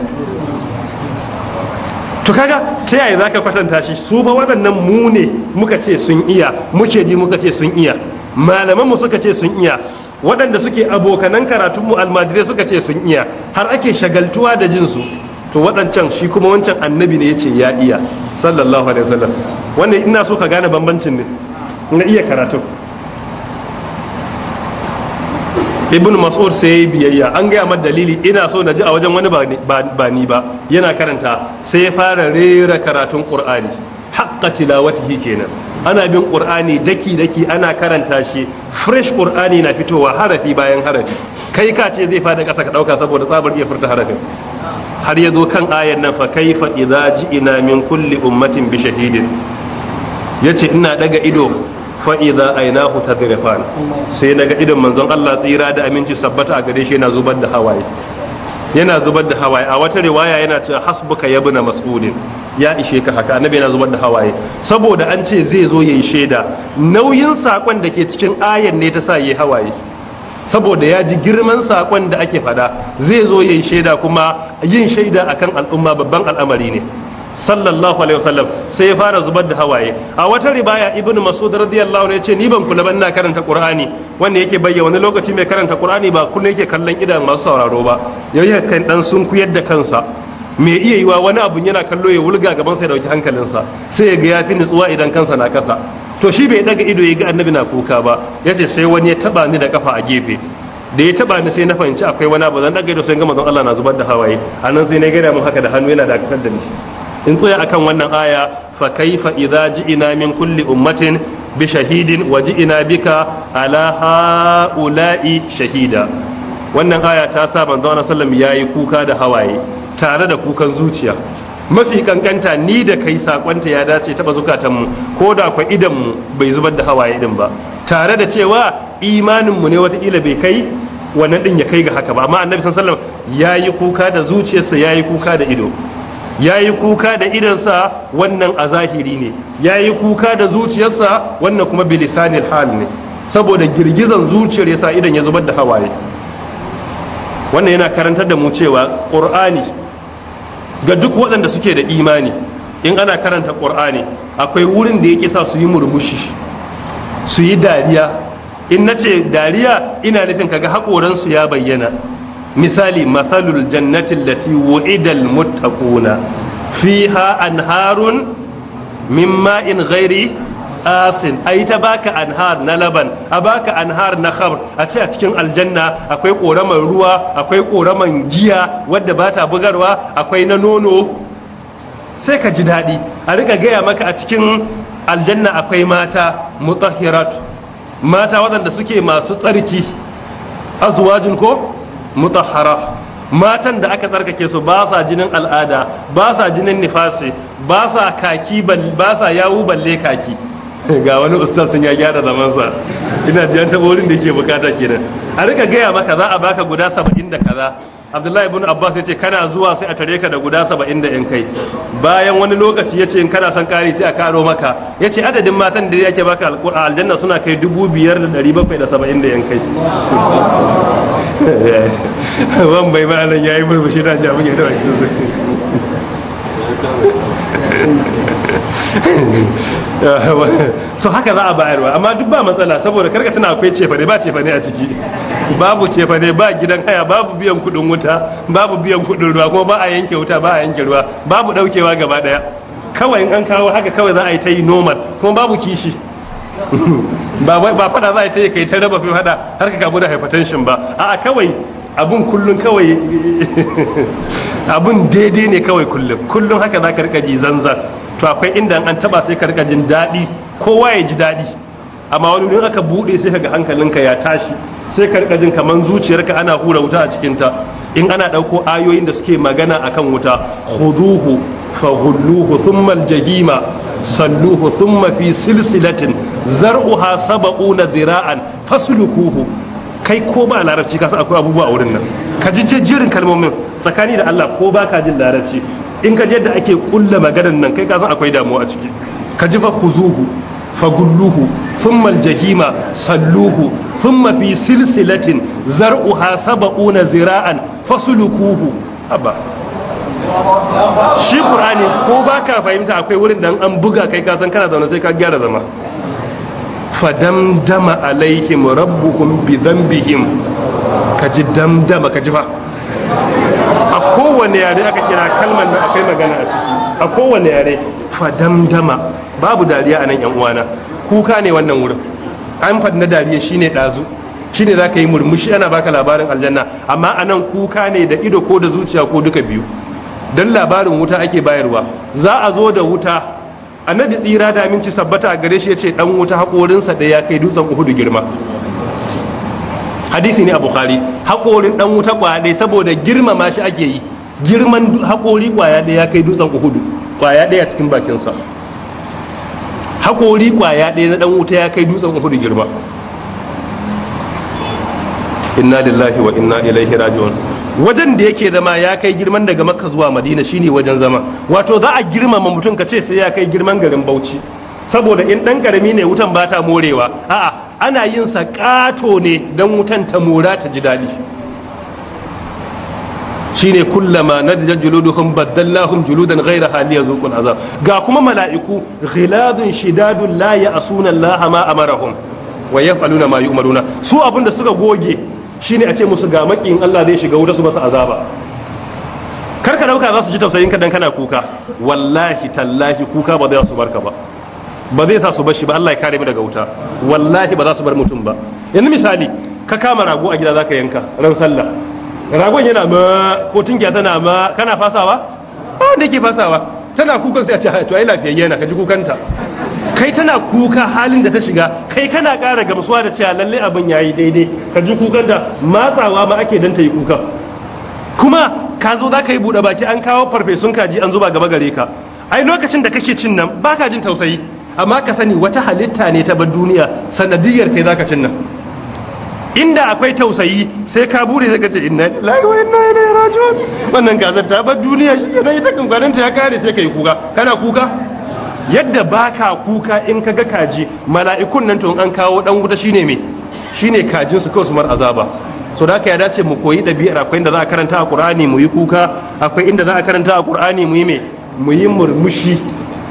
to kaga ta yaya zaka kwatanta shi su ba waɗannan mu ne muka ce sun iya muke ji muka ce sun iya malaman mu suka ce sun iya waɗanda suke abokanan karatun mu almajirai suka ce sun iya har ake shagaltuwa da jin su to waɗancan shi kuma wancan annabi ne yace ya iya sallallahu alaihi wasallam wannan ina so ka gane bambancin ne na iya karatun ibn mas'ud sai ya biyayya an gaya mar dalili ina so na ji a wajen wani ba ni ba yana karanta sai ya fara rera karatun qur'ani haqqa tilawatihi kenan ana bin qur'ani daki daki ana karanta shi fresh qur'ani na fitowa harafi bayan harafi kai ka ce zai fada kasa ka dauka saboda tsabar iya furta harafin har ya zo kan ayar nan fa kaifa idza ji'ina min kulli ummatin bi shahidin yace ina daga ido fa'iza ainahu tazrifan sai naga idan manzon Allah tsira da aminci sabbata a gare shi yana zubar da hawaye yana zubar da hawaye a wata riwaya yana cewa hasbuka ya yabna mas'udin ya ishe ka haka annabi yana zubar da hawaye saboda an ce zai zo yayi shaida nauyin sakon da ke cikin ayan ne ta sa yayi hawaye saboda ya ji girman sakon da ake fada zai zo yayi shaida kuma yin shaida akan al'umma babban al'amari ne sallallahu alaihi wasallam sai ya fara zubar da hawaye a wata ribaya ibnu mas'ud radiyallahu anhu ce ni ban kula ba na karanta qur'ani wanda yake bayyana wani lokaci mai karanta qur'ani ba kullum yake kallon idan masu sauraro ba yayin kan dan sun kuyar da kansa me iya yiwa wani abun yana kallo ya wulga gaban sai dauki hankalinsa sai ya ga ya fi nutsuwa idan kansa na kasa to shi bai daga ido ya ga annabi na kuka ba yace sai wani ya taba ni da kafa a gefe da ya taba ni sai na fahimci akwai wani abu zan daga ido sai ga manzon Allah na zubar da hawaye anan sai na gaya mun haka da hannu yana dakatar da ni in tsaya akan wannan aya fa kaifa idza ji'ina min kulli ummatin bi shahidin wa ji'ina bika ala haula'i shahida wannan aya ta sa manzo Allah sallam yayi kuka da hawaye tare da kukan zuciya mafi kankanta ni da kai sakonta ya dace taba zukatanmu ko da kwa idan mu bai zubar da hawaye din ba tare da cewa imanin mu ne ila bai kai wannan din ya kai ga haka ba amma annabi sallallahu alaihi wasallam yayi kuka da zuciyarsa yayi kuka da ido yayi kuka da idansa wannan a zahiri ne yayi kuka da zuciyarsa wannan kuma bilisanil hal ne saboda girgizan zuciyar yasa idan ya zubar da hawaye wannan yana karantar da mu cewa qur'ani ga duk waɗanda suke da imani in ana karanta qur'ani akwai wurin da yake sa su yi murmushi su yi dariya in nace dariya ina nufin kaga su ya bayyana misali masalul jannatin allati wa'idal muttaquna fiha anharun mimma'in in ghairi asin ai ta baka anhar na laban a baka anhar na khamr a ce a cikin aljanna akwai koraman ruwa akwai koraman giya wadda bata bugarwa akwai na nono sai ka ji daɗi a rika gaya maka a cikin aljanna akwai mata mutahhirat mata waɗanda suke masu tsarki azwajin ko mutahara matan da aka tsarkake su ba sa jinin al'ada ba sa jinin nifasi ba sa kaki ba sa yawu balle kaki (laughs) ga wani ustaz sun ya gyara zamansa ina ji an wurin da yake bukata kenan a rika gaya maka za a baka guda saba'in da kaza abdullahi ibn abbas ya ce kana zuwa sai a tare ka da guda saba'in da yan kai bayan wani lokaci ya ce in kana son kari sai a karo maka ya ce adadin matan da yake baka aljanna suna kai dubu biyar da ɗari bakwai da saba'in da yan kai ban eh, bai nan yayi murmushi da ji abin ya (laughs) so haka za a bayarwa amma duk ba matsala saboda karka tana akwai cefane ba cefane a ciki babu cefane ba gidan haya babu biyan kudin wuta babu biyan kudin ruwa kuma ba a yanke wuta ba a yanke ruwa babu daukewa gaba daya kawai in an kawo haka kawai za a yi ta yi normal kuma babu kishi ba ba fada za a ta kai ta raba fi hada har ka kamu da hypertension ba a'a kawai abun kullun kawai (laughs) abun daidai ne kawai kullum kullum haka za ka rika ji zanza to akwai inda an taba sai ka rika jin daɗi kowa ya ji daɗi amma wani ne aka buɗe sai kaga hankalinka ya tashi sai ka rika jin kamar zuciyarka ana hura wuta a cikinta in ana ɗauko ayoyin da suke magana akan wuta khuduhu فغلوه ثم الجحيم صلوه ثم في سلسلة زرعها سبعون ذراعا فسلكوه kai ko ba larabci ka san akwai abubuwa a wurin nan ka ji jirin kalmomin tsakani da Allah ko ba ka jin larabci in ka ji da ake kulla maganar nan kai ka san akwai damuwa a ciki ka ji fa khuzuhu fa gulluhu thumma aljahima salluhu thumma fi silsilatin zar'uha sab'una zira'an fasulukuhu. shi ƙur'ani ko ba ka fahimta akwai wurin da an buga kai ka san kana zaune sai ka gyara zama fadamdama alaihim rabbuhum bi dhanbihim kaji damdama kaji fa a kowane yare aka kira kalmar nan akwai magana a ciki a kowane yare dama babu dariya a nan yan uwana kuka ne wannan wurin an na dariya shine dazu shine zaka yi murmushi ana baka labarin aljanna amma anan kuka ne da ido ko da zuciya ko duka biyu don labarin wuta ake bayarwa za a zo da wuta annabi tsira da aminci sabbata a gare shi ya ce dan wuta haƙorinsa da ya kai dutsen uhudu girma hadisi ne a bukhari haƙorin dan wuta kwaya saboda girmama shi ake yi girman haƙori kwaya ɗaya ya kai dutsen uhudu kwaya ɗaya cikin bakinsa haƙori kwaya ɗaya na ɗan wuta ya kai dutsen uhudu girma inna lillahi wa inna ilaihi raji'un wajen da yake zama ya kai girman daga makka zuwa madina shine wajen zama wato za a girmama mutum ka ce sai ya kai girman garin bauchi saboda in dan karami ne wutan ba ta morewa a'a ana yin sa kato ne dan wutan ta mora ta ji dadi shine kullama nadja juluduhum badallahum juludan ghayra hali yazuqul azab ga kuma mala'iku ghiladun shidadun la ya'asuna Lahama, ma amarahum wa yaf'aluna ma yu'maruna su abinda suka goge Shi ne a ce musu ga makin Allah zai shiga wuta su masu azaba kar ka dauka za su ji tausayin ka kana kuka wallahi tallahi kuka ba za su barka ba ba zai sa su bar shi ba Allah ya kare mu daga wuta wallahi ba za su bar mutum ba yanzu misali ka kama rago a gida zaka yanka ran sallah ragon yana ma ko tunkiya tana ma kana fasawa ba wanda yake fasawa tana kukan sai a ce to ai lafiyayye na ka ji kukanta kai tana kuka halin da ta shiga kai kana ƙara gamsuwa da cewa lalle abin yayi daidai ka ji kukan da matsawa ma ake dan ta yi kuka kuma ka zo za ka yi buɗe baki an kawo farfesun kaji an zuba gaba gare ka ai lokacin da kake cin nan baka jin tausayi amma ka sani wata halitta ne ta bar duniya sanadiyar kai zaka cin nan inda akwai tausayi sai ka bude sai ka ce inna lillahi wa inna ilaihi raji'un wannan gazar ta bar duniya shi ne ita kan gwaninta ya kare sai kai kuka kana kuka yadda ba ka kuka in ka ga kaji mala'ikun nan to an kawo ɗan wuta shine me shine kajin su kawai su mar azaba so da ya dace mu koyi ɗabi'ar akwai inda za a karanta a qur'ani mu yi kuka akwai inda za a karanta a qur'ani mu yi me mu yi murmushi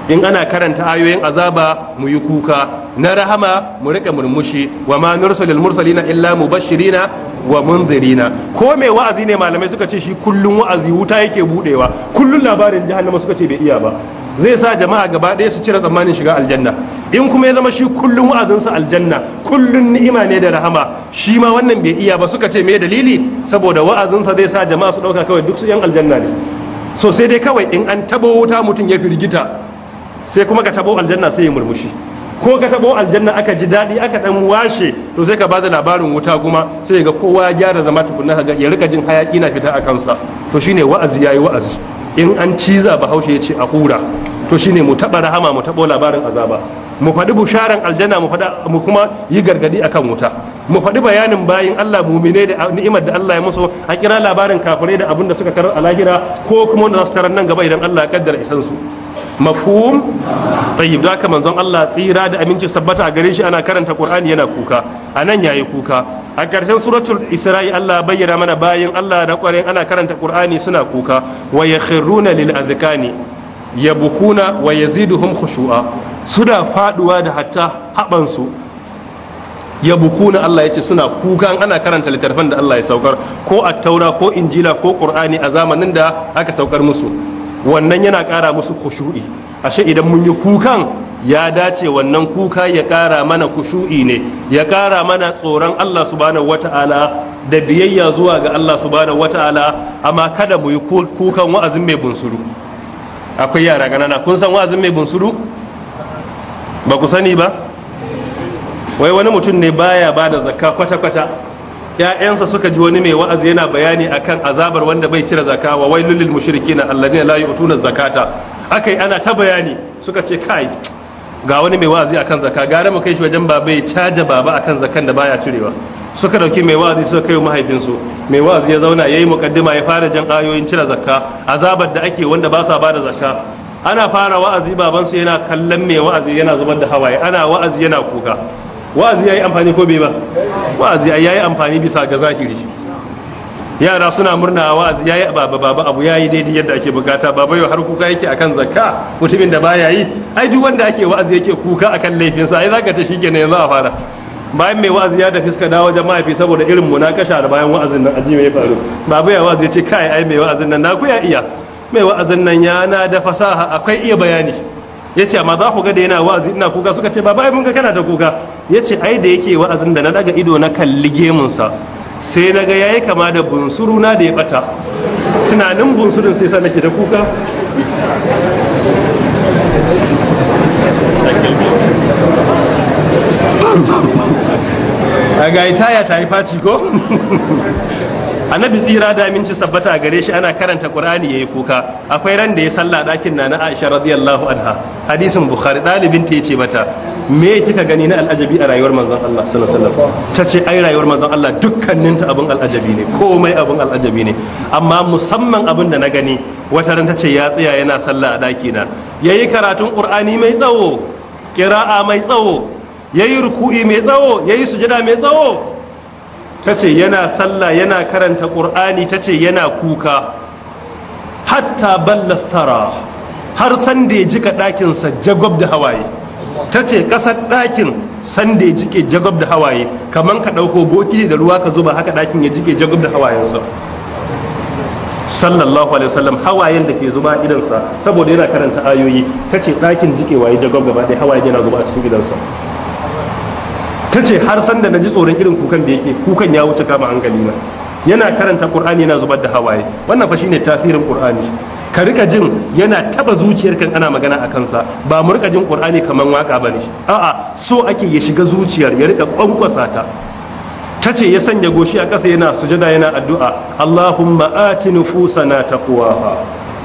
in ana karanta ayoyin azaba mu yi kuka na rahama mu rika murmushi wa ma nursalil mursalina illa mubashirina wa munzirina ko mai wa'azi ne malamai suka ce shi kullun wa'azi wuta yake budewa kullum labarin jahannama suka ce bai iya ba zai sa jama'a gaba ɗaya su cire tsammanin shiga aljanna in kuma ya zama shi kullum wa'azinsa aljanna kullum ni'ima ne da rahama shi ma wannan bai iya ba suka ce mai dalili saboda wa'azinsa zai sa jama'a su ɗauka kawai duk su yan aljanna ne so sai dai kawai in an tabo wuta mutum ya firgita sai kuma ka tabo aljanna sai ya murmushi ko ka tabo aljanna aka ji daɗi aka ɗan washe to sai ka ba da labarin wuta kuma sai ga kowa ya gyara zama tukunna ya rika jin hayaki na fita a kansa to shine wa'azi ya yi wa'azi in an ciza bahaushe ya ce a hura to shine mu taɓa rahama mu taɓo labarin azaba mu faɗi busharan aljanna mu kuma yi gargadi akan wuta mu faɗi bayanin bayin Allah mumine da ni'imar da Allah ya musu a kira labarin kafirai da abin da suka tarar a ko kuma wanda za su tarar nan gaba idan Allah ya kaddara isan su mafhum tayyib da haka manzon Allah tsira da aminci sabbata a gare shi ana karanta Qur'ani yana kuka anan yayi kuka a ƙarshen suratul isra'i Allah bayyana mana bayan Allah da ƙwarin ana karanta Kur'ani suna kuka wa yakhruna lil azkani bukuna wa yaziduhum khushu'a suna faduwa da hatta haban su bukuna. Allah yace suna kuka ana karanta littattafan da Allah ya saukar ko at-taura ko injila ko ƙur'ani a zamanin da aka saukar musu wannan yana ƙara musu kushu'i ashe idan mun yi kukan ya dace wannan kuka ya ƙara mana kushu'i ne ya ƙara mana tsoron Allah subhanahu wata'ala da biyayya zuwa ga Allah subhanahu wata'ala amma kada mu yi kukan wa'azin mai bunsuru akwai yara ganana kun san wa'azin mai bunsuru ba ku sani ba wai wani mutum ne baya ba da zakka kwata-kwata ya'yansa suka ji wani mai wa'azi yana bayani akan azabar wanda bai cire zakka wa wailul lil mushrikin alladhe la yu'tuna zakata akai ana ta bayani suka ce kai ga wani mai wa'azi akan zakka gara mu kai shi wajen baba ya caja baba akan zakkan da baya cirewa suka dauki mai wa'azi suka kai mahaifinsu mai wa'azi ya zauna yayi mukaddima ya fara jan ayoyin cire zakka azabar da ake wanda ba sa bada zakka ana fara wa'azi babansu yana kallon mai wa'azi yana zubar da hawaye ana wa'azi yana kuka wa'azi yi amfani ko bai ba wa'azi yi amfani bisa ga zahiri yara suna murna wa'azi yi baba baba abu ya yi daidai yadda ake bukata baba yau har kuka yake akan zakka mutumin da baya yi ai duk wanda ake wa'azi yake kuka akan laifinsa ai zaka ce shikenan yanzu a fara bayan mai wa'azi ya tafi suka dawo wajen mahaifi saboda irin munakasha da bayan wa'azin nan aji mai faru babu ya wa'azi ya ce kai ai mai wa'azin nan na ku ya iya mai wa'azin nan ya na da fasaha akwai iya bayani ya ce amma za ku ga da yana wa'azi ina kuka suka ce babu ai ga kana da kuka ya ce ai da yake wa'azin da na daga ido na kalli gemunsa sai na ga yayi kama da bunsuru na da ya bata tunanin bunsurun sai sa nake da kuka a (laughs) ga ya ta yi faci ko (laughs) annabi tsira da aminci sabbata a gare shi ana karanta qur'ani yayi kuka akwai ran da ya salla dakin na na Aisha radiyallahu anha hadisin bukhari dalibin ta yace mata me kika gani na al'ajabi a rayuwar manzon Allah sallallahu alaihi wasallam tace ai rayuwar manzon Allah dukkanin ta abun al'ajabi ne komai abun al'ajabi ne amma musamman abin da na gani wata ran ta ce ya tsaya yana salla a daki na yayi karatun qur'ani mai tsawo kira'a mai tsawo yayi ruku'i mai tsawo yayi sujada mai tsawo ta ce yana sallah yana karanta ƙur'ani ta ce yana kuka hatta ballathara har sanda ya jika ɗakinsa jagob da hawaye ta ce ƙasar ɗakin sanda ya jike jagob da hawaye kamar ka ɗauko bokiti da ruwa ka zuba haka ɗakin ya jike jagob da hawayensa sallallahu alaihi wasallam hawayen da ke zuba idansa saboda yana karanta ayoyi ta ce ɗakin jikewa ya jagob gaba ɗaya hawaye yana zuba a cikin gidansa ta ce har sanda na ji tsoron irin kukan da yake kukan ya wuce kama hankali na yana karanta qur'ani yana zubar da hawaye wannan fa shine tasirin qur'ani ka rika jin yana taba zuciyar kan ana magana a kansa ba mu rika jin qur'ani kamar waka bane a'a so ake ya shiga zuciyar ya rika kwankwasa ta ta ce ya sanya goshi a ƙasa yana sujada yana addu'a Allahumma ati nufusana taqwaha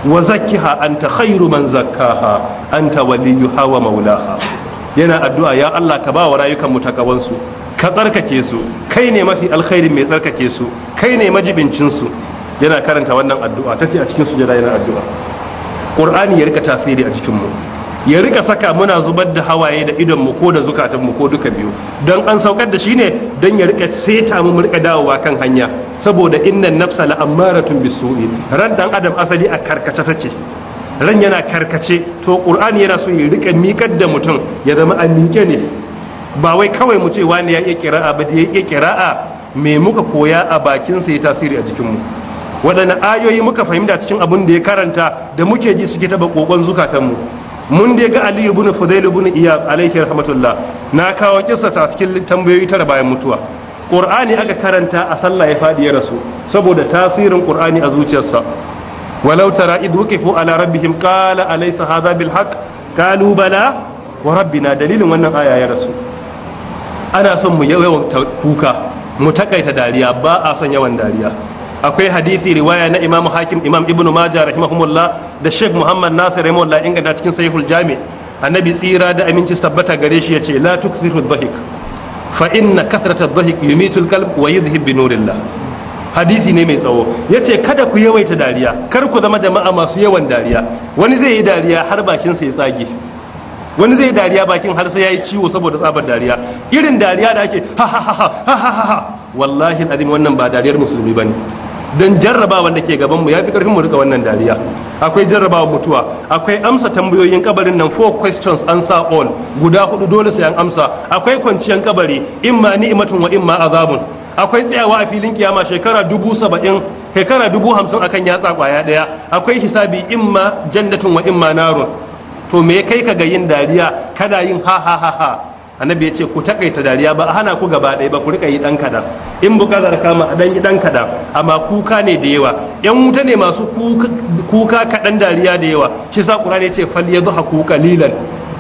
wa zakkiha anta khairu man zakkaha anta waliyuha hawa maulaha yana addu'a ya Allah ka ba wa rayukan mu takawansu ka tsarkake su kai ne mafi alkhairin mai tsarkake su kai ne majibincin su yana karanta wannan addu'a tace a cikin sujada yana addu'a qur'ani ya rika tasiri a cikin mu ya rika saka muna zubar da hawaye da idon mu ko da zukatan mu ko duka biyu don an saukar da shi ne don ya rika seta mu mu rika dawowa kan hanya saboda innan nafsa la ammaratun bisu'i ran dan adam asali a karkata take ran yana karkace to qur'ani yana so ya rika mikar da mutum ya zama a miƙe ne ba wai kawai mu ce wani ya iya kira'a ba ya iya kira'a me muka koya a bakin sa ya tasiri a jikinmu? waɗanne ayoyi muka fahimta cikin abin da ya karanta da muke ji suke taba kokon zukatanmu? mu mun dai ga Aliyu ibn Fudail bin iya alaihi rahmatullah na kawo kissa ta cikin tambayoyi tara bayan mutuwa Qur'ani aka karanta a sallah ya faɗi ya rasu saboda tasirin Qur'ani a zuciyarsa walau tara id wuqifu ala rabbihim qala alaysa hadha bil haqq qalu bala wa rabbina dalilin wannan aya ya rasu ana son mu yawan kuka mu takaita dariya ba a son yawan dariya akwai hadisi riwaya na imam hakim imam ibnu rahima rahimahumullah da sheikh muhammad nasir rahimahullah inganta cikin sahihul jami annabi tsira da aminci tabbata gare shi yace la tuksiru dhahik fa inna kasrata dhahik yumitul qalb wa yudhhib bi nurillah hadisi ne mai tsawo ya ce kada ku yawaita dariya kar ku zama jama'a masu yawan dariya wani zai yi dariya har bakin sa ya tsage wani zai yi dariya bakin har sai ya yi ciwo saboda tsabar dariya irin dariya da ake ha ha ha ha ha ha wallahi azim wannan ba dariyar musulmi ba ne. don jarrabawan da ke gaban mu ya fi karfin mu rika wannan dariya akwai jarrabawa mutuwa akwai amsa tambayoyin kabarin nan four questions answer all guda hudu dole sai an amsa akwai kwanciyar kabari imma ni'matun wa imma azabun akwai tsayawa a filin kiyama shekara dubu saba'in shekara dubu hamsin akan yatsa kwaya daya akwai hisabi imma jandatun wa imma narun to me kai ka ga yin dariya kada yin ha ha ha ha annabi ya ce ku takaita dariya ba a hana ku gaba ɗaya ba ku rika yi ɗan kaɗan in buƙatar kama a dan yi ɗan kaɗan amma kuka ne da yawa yan wuta ne masu kuka kaɗan dariya da yawa shi sa ƙura ne ce fal yadhu haku qalilan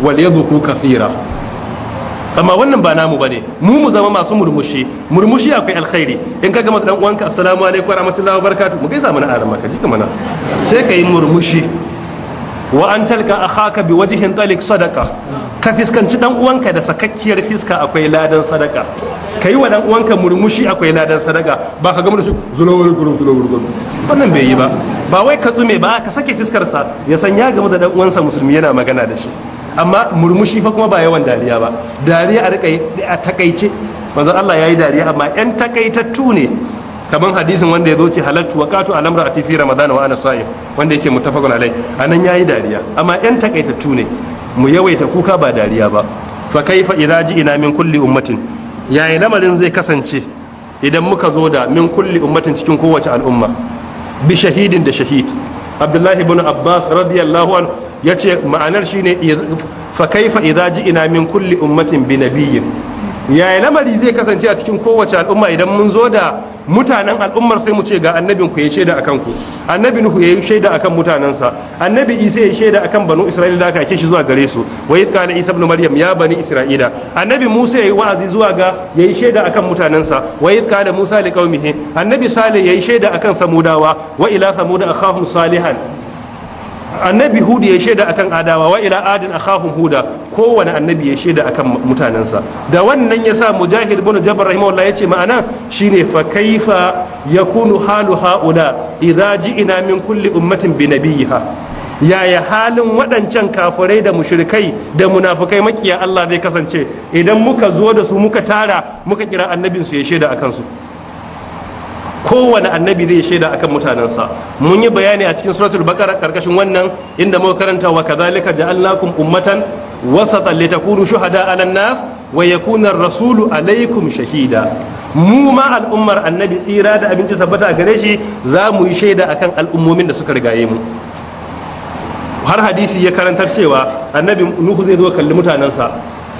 wal yadhu kathira amma wannan ba namu bane mu mu zama masu murmushi murmushi akwai alkhairi in ka gama dan uwanka assalamu alaikum warahmatullahi wabarakatuh mu gaisa mana arama ka ji mana sai ka yi murmushi wa an talka akhaka bi wajhin talik sadaka ka fiskanci dan uwanka da sakakkiyar fiska akwai ladan sadaka kai wa dan uwanka murmushi akwai ladan sadaka ba ka gama da shi zulawar zulo wani gurur wannan bai yi ba ba wai ka tsume ba ka sake fiskar sa ya san ya gama da dan uwansa musulmi yana magana da shi amma murmushi fa kuma ba yawan dariya ba dariya a rika a takaice manzon Allah yayi dariya amma yan takaitattu ne kaman hadisin wanda ya zo ce halattu wa qatu alamra a fi Ramadana wa ana sa'im wanda yake muttafaqun alai anan yayi dariya amma yan takaitattu ne mu yawaita kuka ba dariya ba fa kaifa idza ji'ina min kulli ummatin yayi lamarin zai kasance idan muka zo da min kulli ummatin cikin kowace al'umma bi shahidin da shahid abdullahi ibn abbas radiyallahu an yace ma'anar shine fa kaifa idza ji'ina min kulli ummatin bi nabiyyin yaya lamari zai kasance a cikin kowace al'umma idan mun zo da mutanen al'ummar sai mu ce ga annabin ku yayi shaida akan ku annabi nuhu yayi shaida akan mutanansa annabi isa yayi shaida akan banu isra'ila da aka ake shi zuwa gare su wa yid qala isa ibn maryam ya bani isra'ila annabi musa yayi wa'azi zuwa ga yayi shaida akan mutanansa wa yid musa liqaumihi annabi salih yayi shaida akan samudawa wa ila samuda akhahum salihan annabi hudu ya shaida akan adawa wa ila adin akhahum huda kowane annabi ya shaida akan mutanensa da wannan yasa mujahid ibn jabr rahimahullah yace ma'ana shine fa kaifa yakunu halu haula idza ji'na min kulli ummatin bi nabiyha yaya halin waɗancan kafirai da mushrikai da munafukai makiya Allah zai kasance idan muka zo da su muka tara muka kira annabinsu ya shaida akan su kowane annabi zai shaida akan mutanensa mun yi bayani a cikin suratul baqara karkashin wannan inda muka karanta wa kadhalika ja'alnakum ummatan wasatan litakunu shuhada 'alan nas wa yakuna ar-rasulu 'alaykum shahida mu ma al'ummar annabi tsira da abinci sabbata a gare shi za mu yi shaida akan al'ummomin da suka rigaye mu har hadisi ya karantar cewa annabi nuhu zai zo kalli mutanensa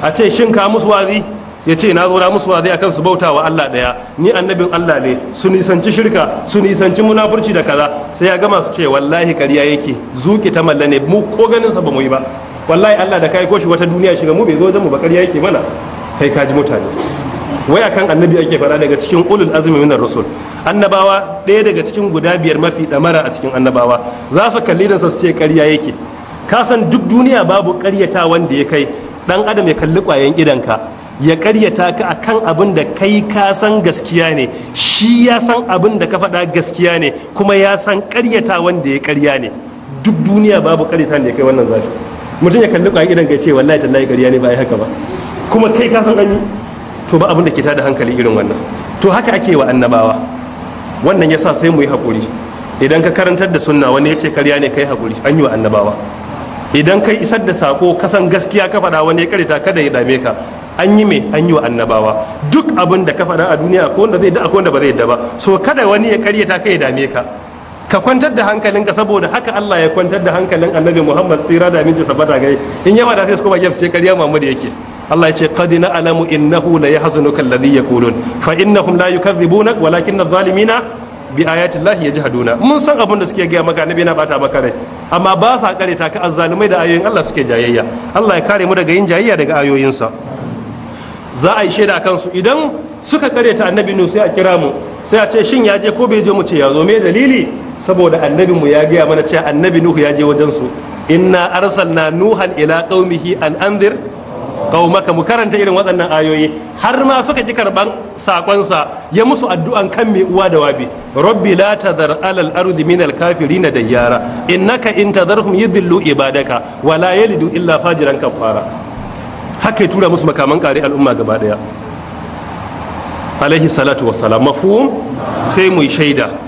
a ce shin ka musu wazi ya ce na zo na musu a akan su bauta wa Allah daya ni annabin Allah ne su nisanci shirka su nisanci munafurci da kaza sai ya gama su ce wallahi kariya yake zuki ta malla ne mu ko ganin sa ba mu yi ba wallahi Allah da kai ko shi wata duniya shiga mu bai zo zan mu ba kariya yake mana kai kaji mutane wai akan annabi ake fara daga cikin ulul azmi minar rusul annabawa ɗaya daga cikin guda biyar mafi ɗamara a cikin annabawa za su kalli da su ce ƙarya yake ka san duk duniya babu ƙaryata wanda ya kai ɗan adam ya kalli ƙwayen idanka ya karyata ka kan abin da kai ka san gaskiya ne shi ya san abin da ka faɗa gaskiya ne kuma ya san karyata wanda ya karya ne duk duniya babu karyata da ya kai wannan zafi mutum ya kalli kwayi idan kai ce wallahi tallahi karya ne ba yi haka ba kuma kai ka san an to ba abin da ke tada hankali irin wannan to haka ake wa annabawa wannan yasa sai mu yi hakuri idan ka karantar da sunna wani ya ce karya ne kai hakuri an yi wa annabawa idan kai isar da sako kasan gaskiya ka faɗa wani ya karita kada ya dame ka an yi mai an yi wa annabawa duk abin da ka faɗa a duniya ko wanda zai da ko wanda ba zai da ba so kada wani ya karyata ka ya dame ka ka kwantar da hankalin ka saboda haka Allah ya kwantar da hankalin annabi Muhammad Sira da aminci sabata gai in yawa da sai su kuma ce kariya Muhammad yake Allah ya ce qad na'lamu innahu la yahzunuka alladhi yaqulun fa innahum la yukadhibuna walakinna adh-dhalimina bi ayati llahi yajhaduna mun san abin da suke gaya maka nabi na bata maka rai amma ba sa kare ta ka azzalumai da ayoyin Allah suke jayayya Allah ya kare mu daga yin jayayya daga ayoyin sa za a yi shaida kan su idan suka kare ta annabi nu sai a kira mu sai a ce shin ya je ko bai je mu ce ya zo me dalili saboda annabi mu ya gaya mana cewa annabi nuhu ya je wajen su inna arsalna nuhan ila qaumihi an anzir kaumaka mu karanta irin waɗannan ayoyi har ma suka ji karban sakonsa ya musu addu'an kan mai uwa da wabi rabbi la tadhar alal ardi min al kafirin dayyara innaka in tadharhum yudillu ibadaka wa la yalidu illa fajiran kafara haka ya tura musu makaman kare al'umma gaba daya alaihi salatu wassalam mafhum sai mu shaida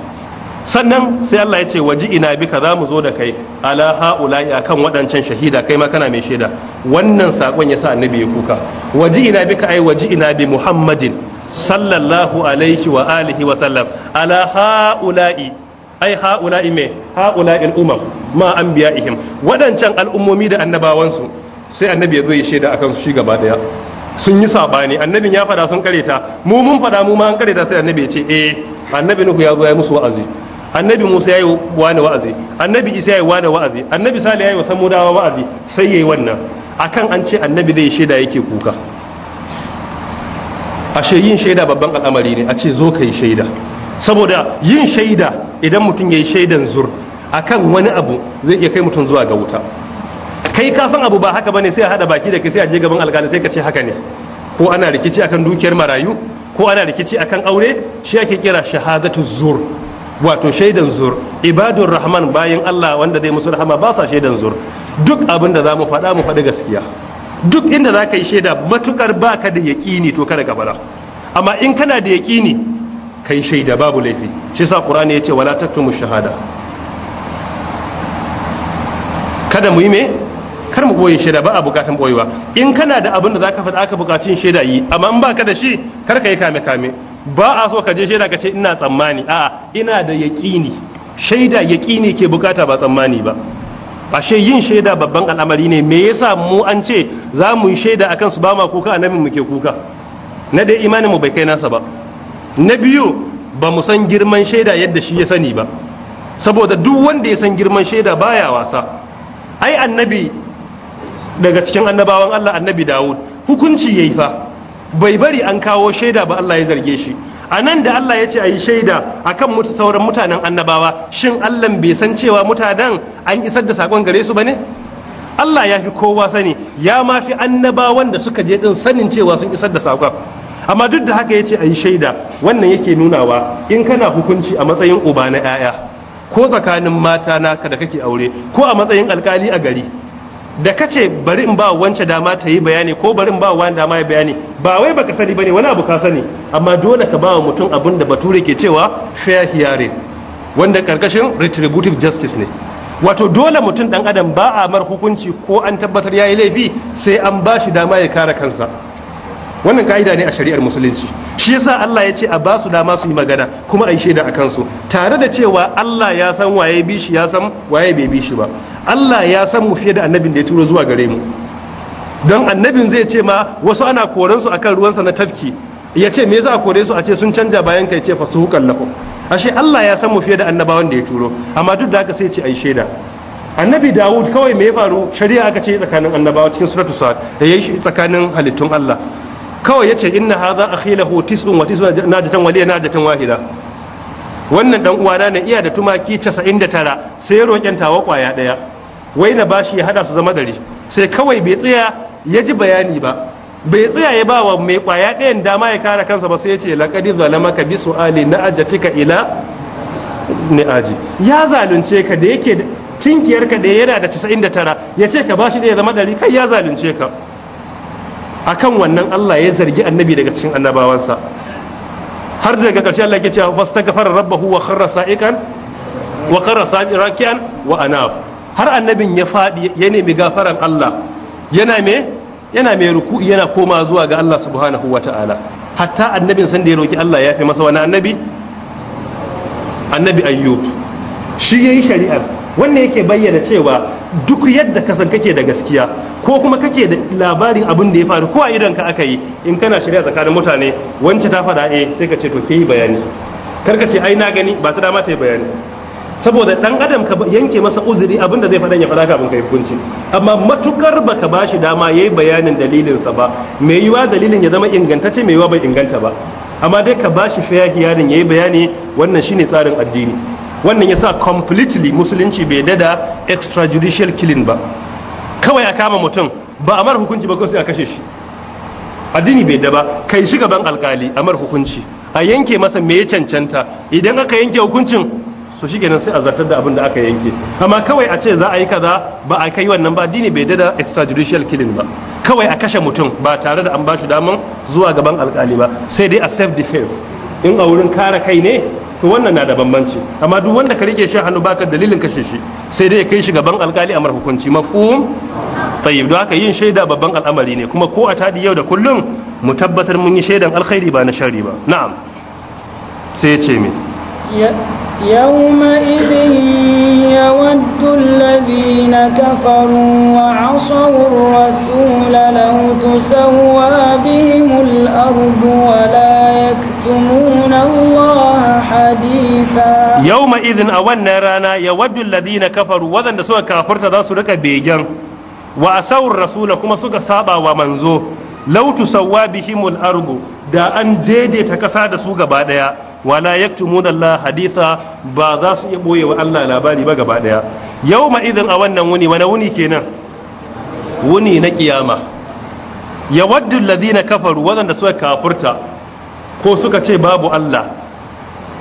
sannan sai Allah ya ce waji ina bika za mu zo da kai ala haula'i akan waɗancan shahida kai ma kana mai shaida wannan sakon sa annabi ya kuka waji ina bika ai waji ina bi muhammadin sallallahu alaihi wa alihi wa sallam ala ha'ula ai mai me haula'i umam ma anbiya'ihim waɗancan al'ummomi da annabawansu sai annabi ya zo ya shaida akan su shi gaba daya sun yi sabani annabin ya fada sun kareta mu mun fada mu ma an kareta sai annabi ya ce eh annabi nuhu ya zo ya musu wa'azi annabi musa yayi wani wa'azi annabi isa yayi wani wa'azi annabi salih yayi wasan mudawa wa'azi sai yayi wannan akan an ce annabi zai shaida yake kuka ashe yin shaida babban al'amari ne a ce zo ka yi shaida saboda yin shaida idan mutum ya yi shaidan zur akan wani abu zai iya kai mutum zuwa ga wuta kai ka san abu ba haka bane sai a hada baki da kai sai a je gaban alkali sai ka ce haka ne ko ana rikici akan dukiyar marayu ko ana rikici akan aure shi ake kira shahadatu zur wato shaidan zur ibadun rahman bayan Allah wanda zai musu rahama ba sa shaidan zur duk abin da za mu faɗa mu faɗi gaskiya duk inda za ka yi shaida matukar ba ka da yaƙini to kada ka faɗa amma in kana da yaƙini ka yi shaida babu laifi shi sa qur'ani ya ce wala taktumu shahada kada mu yi me kar mu boye shaida ba a bukatun boyewa in kana da abin da za ka faɗa aka bukacin shaida yi amma in ba ka da shi kar ka yi kame kame ba a so ka je shaida ka ce ina tsammani a'a ina da yaƙini shaida yaƙini ke bukata ba tsammani ba ashe yin shaida babban al'amari ne me yasa mu an ce za mu yi shaida akan su ba ma kuka annabin mu ke kuka na dai imanin mu bai kai nasa ba na biyu ba mu san girman shaida yadda shi ya sani ba saboda duk wanda ya san girman shaida baya wasa ai annabi daga cikin annabawan Allah annabi Dawud hukunci yayi fa bai bari an kawo shaida ba Allah ya zarge shi a nan da Allah ya ce a yi shaida a kan sauran mutanen annabawa shin Allah bai san cewa mutanen an isar da sakon gare su ba ne Allah ya fi kowa sani ya ma fi annabawan da suka je ɗin sanin cewa sun isar da sakon amma duk da haka ya ce a yi shaida wannan yake nunawa in kana hukunci a matsayin uba na 'ya'ya ko tsakanin mata naka da kake aure ko a matsayin alkali a gari da kace bari in ba wance dama ta yi bayani ko bari in ba wani dama ya bayani ba wai baka sani bane wani abu ka sani amma dole ka bawa mutum abin da bature ke cewa fair hearing wanda karkashin retributive justice ne wato dole mutum dan adam ba a mar hukunci ko an tabbatar yayi laifi sai an ba shi dama ya kare kansa wannan ka'ida ne a shari'ar musulunci shi yasa Allah ya ce a basu su dama su yi magana kuma a yi shaida a kansu tare da cewa Allah ya san waye bi shi ya san waye bai bi shi ba Allah ya san mu fiye da annabin da ya turo zuwa gare mu don annabin zai ce ma wasu ana koransu akan ruwansa na tafki ya ce me yasa a kore su a ce sun canja bayan kai ce fasuhukan lakum ashe Allah ya san mu fiye da annabawan da ya turo amma duk da haka sai ce yi shaida annabi Dawud kawai me ya faru shari'a aka ce tsakanin annabawa cikin suratul sa'ad yayi eh, tsakanin halittun Allah kawai yace inna hadha akhi lahu tis'un wa tis'una najatan waliya najatan wahida wannan dan uwana na iya da tumaki 99 sai roƙen tawa kwaya daya wai na bashi ya hada su zama ɗari sai kawai bai tsaya ya ji bayani ba bai tsaya ya bawa mai kwaya ɗayan dama ya kare kansa ba sai ya ce laqad zalamaka bi su'ali na ajatika ila aji. ya zalunce ka da yake tinkiyarka da yana da 99 ya ce ka bashi da ya zama ɗari kai ya zalunce ka akan wannan Allah ya zargi annabi daga cikin annabawansa har daga ƙarshe Allah ke cewa fastaghfara rabbahu wa kharra sa'ikan wa kharra sa'ikan wa anab har annabin ya fadi ya nemi gafaran Allah yana me yana mai ruku'i yana koma zuwa ga Allah subhanahu wa ta'ala hatta annabin san da ya roki Allah ya fi masa wani annabi annabi ayyub shi yayi shari'ar wannan yake bayyana cewa duk yadda ka san kake da gaskiya ko kuma kake da labarin abin da ya faru ko a idan ka aka yi in kana shirya tsakanin mutane wance ta faɗa eh sai ka ce to ke yi bayani karka ce ai na gani ba ta dama ta yi bayani saboda dan adam ka yanke masa uzuri abin da zai faɗa ya faɗa kafin ka yi hukunci amma matukar ba baka bashi dama ya yi bayanin dalilinsa ba mai yiwa dalilin ya zama ingantacce mai yiwa bai inganta ba amma dai ka bashi fair ya yi bayani wannan shi ne tsarin addini wannan yasa completely musulunci bai dada extrajudicial killing ba kawai a kama mutum ba a mara hukunci ba sai a kashe shi addini bai daba kai shi gaban alkali a mara hukunci a yanke masa me ya cancanta idan aka yanke hukuncin so shi kenan sai a zartar da abin da aka yanke amma kawai a ce za a yi kaza ba a kai wannan ba addini bai dada extrajudicial killing ba kawai a kashe mutum ba tare da an ba shi daman zuwa gaban alkali ba sai dai a self defense in a wurin kare kai ne to wannan na da bambanci amma duk wanda ka rike shi hannu baka dalilin kashe shi sai dai ya kai shi gaban alkali a hukunci mafhum tayyib don haka yin shaida babban al'amari ne kuma ko a tadi yau da kullum mu tabbatar mun yi shaidan alkhairi ba na sharri ba na'am sai ya ce me يومئذ يود الذين كفروا وعصوا الرسول لو تسوى بهم الأرض ولا يكتمون الله حديثا يوم wajen أولنا رانا يود الذين كفروا وذن سوى rika begen سرك بيجان وأسوا kuma suka سوك wa ومنزو lautu sauwa بهم الأرض da an daidaita kasa da su gaba daya wala yaktumun Allah haditha ba za su iya boye wa Allah labari ba gaba daya yau ma a wannan wuni wani wuni kenan wuni na kiyama ya waddu ladina kafaru wadanda suka kafurta ko suka ce babu Allah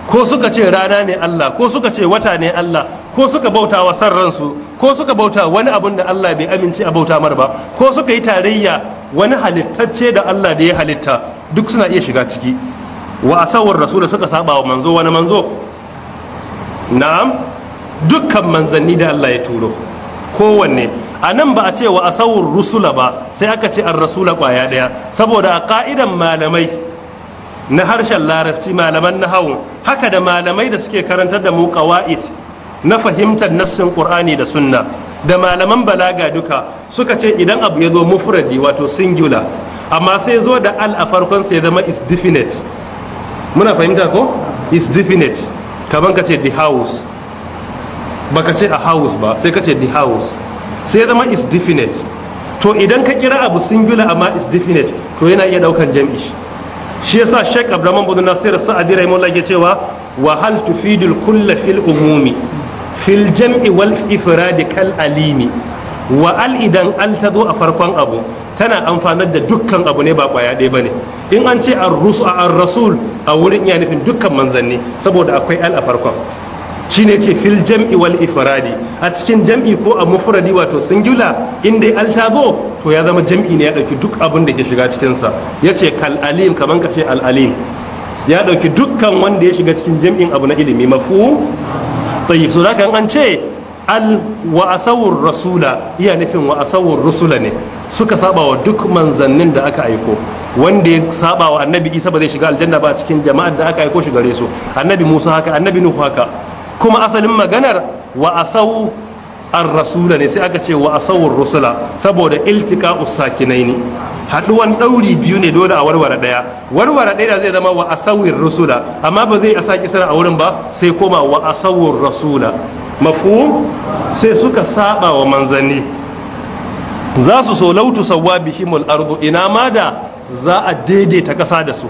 ko suka ce rana ne Allah ko suka ce wata ne Allah ko suka bauta wa san ransu ko suka bauta wani abun da Allah bai amince a bauta mar ba ko suka yi tarayya wani halittacce da Allah da ya halitta duk suna iya shiga ciki wa asawar rasul suka saba wa manzo wani manzo na'am dukkan manzanni da Allah ya turo kowanne a nan ba a ce wa asawar rusula ba sai aka ce an rasula kwaya daya saboda a ka'idan malamai na harshen larabci malaman nahawu haka da malamai da suke karantar da mu qawaid na fahimtar nassin qur'ani da sunna da malaman balaga duka suka ce idan abu ya zo mufradi wato singular amma sai zo da al a farkon sai zama is definite muna fahimta ko is definite kaman ka ce the house baka ce a house ba sai ka ce the house sai zama is definite to idan ka kira abu singular amma is definite to yana iya daukan jam'i shi yasa Sheikh Abdurrahman bin Nasir Sa'adi rahimahullah yake cewa wa hal tufidul kulla fil umumi fil jam'i wal ifrad kal alimi wa al idan al tazo a farkon abu tana amfanar da dukkan abu ne ba kwaya ɗaya bane in an ce ar-rusul a ar a wurin iya nufin dukkan manzanni saboda akwai al a farkon shine ce fil jam'i wal ifradi a cikin jam'i ko a mufradi wato singular in dai al tago to ya zama jam'i ne ya dauki duk abin da ke shiga cikin sa yace kal alim kaman ka ce al alim ya dauki dukkan wanda ya shiga cikin jam'in abu na ilimi mafu tayyib so kan an ce al wa asawur rasula iya nufin wa asawur rusula ne suka saba wa duk manzannin da aka aiko wanda ya saba wa annabi isa ba zai shiga aljanna ba cikin jama'ar da aka aiko shi gare su annabi musa haka annabi nuhu haka kuma asalin maganar wa asau ar-rasula ne sai aka ce wa rasula, rusula saboda iltika usakinai ne haduwan dauri biyu ne dole a warware daya warware daya zai zama wa asawir rusula amma ba zai asaki sana a wurin ba sai koma wa rasula mafhum sai suka saba wa manzani. za su so lautu sawwa bihimul ardu ina ma da za a daidaita kasa da su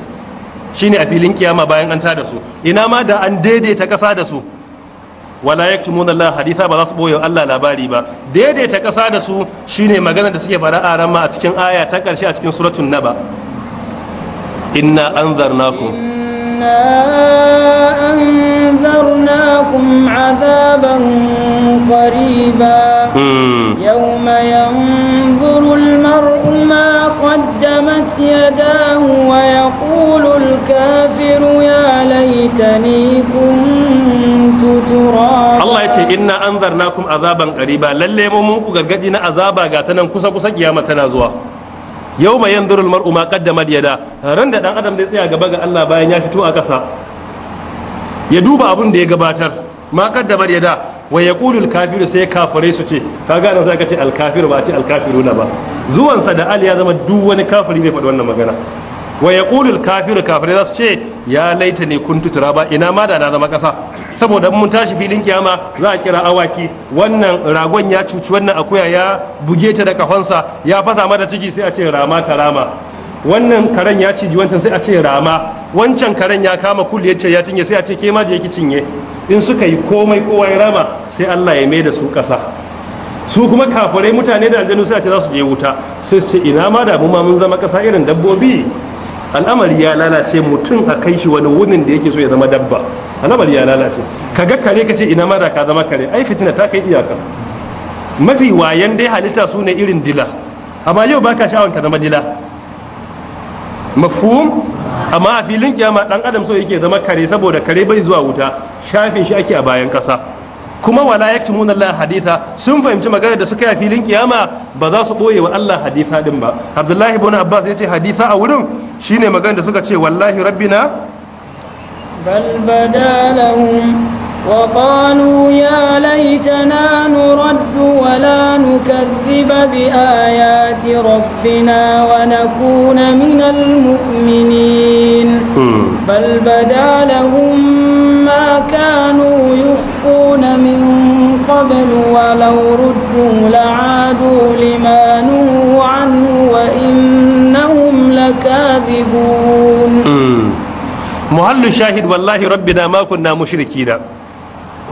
shine a filin kiyama bayan an tada su ina ma da an daidaita kasa da su wala yaktumuna Allah haditha ba za su boye Allah labari ba daidaita kasa da su shine magana da suke fara a ramma a cikin aya ta karshe a cikin suratun naba inna anzarnakum inna anzarnakum azaban qariba hmm. yawma yanzuru al-mar'u ma qaddamat yadahu wa yaqulu al-kafiru ya laytani kuntu Allah ya ce inna an zarna kuma azaban ƙariba lalle mun muku gargaɗi na azaba ga ta nan kusa kusa kiyama tana zuwa yau mai yan durul mar'u ma kadda yada ran da dan adam zai tsaya gaba ga Allah bayan ya fito a ƙasa ya duba abin da ya gabatar ma kadda yada, wai wa yaqulul kafiru sai kafirai su ce Ka gane sai ka ce alkafiru ba a ce alkafiru na ba zuwansa da ya zama duk wani kafiri bai faɗi wannan magana wa ya yaqulul kafiru kafirai za su ce ya laita ne kun tutura ba ina ma da na zama ƙasa? saboda mun tashi filin kiyama za a kira awaki wannan ragon ya cuci wannan akuya ya buge ta da kafansa ya fasa mata ciki sai a ce rama ta rama wannan karen ya ciji wancan sai a ce rama wancan karen ya kama kulle ya cinye sai a ce ke ma je ki cinye in suka yi komai kowa ya rama sai Allah ya mai da su kasa su kuma kafirai mutane da aljanu sai a ce za su je wuta sai su ce ina ma da mu ma mun zama kasa irin dabbobi al'amari ya lalace mutum a kai shi wani wunin da yake so ya zama dabba al'amari ya lalace Ka ga kare ka ce ina mara ka zama kare ai fitina ta kai iyaka mafi wayan dai halitta su ne irin dila amma yau baka sha'awan ka zama dila mafhum amma a filin kiyama ɗan adam so yake zama kare saboda kare bai zuwa wuta shafin shi ake a bayan ƙasa. kuma wala yaktumuna Allah haditha sun fahimci magana da suka yi filin kiyama ba za su ɓoye wa Allah haditha din ba Abdullahi ibn Abbas yace haditha a wurin shine magana da suka ce wallahi rabbina bal badalahum wa qalu ya laitana nuraddu wa la nukaththiba bi ayati rabbina wa nakuna minal mu'minin hmm. bal badalahum ma kanu ولو ردوا لعادوا لما نهوا عنه وإنهم لكاذبون مهل شاهد والله ربنا ما كنا مشركين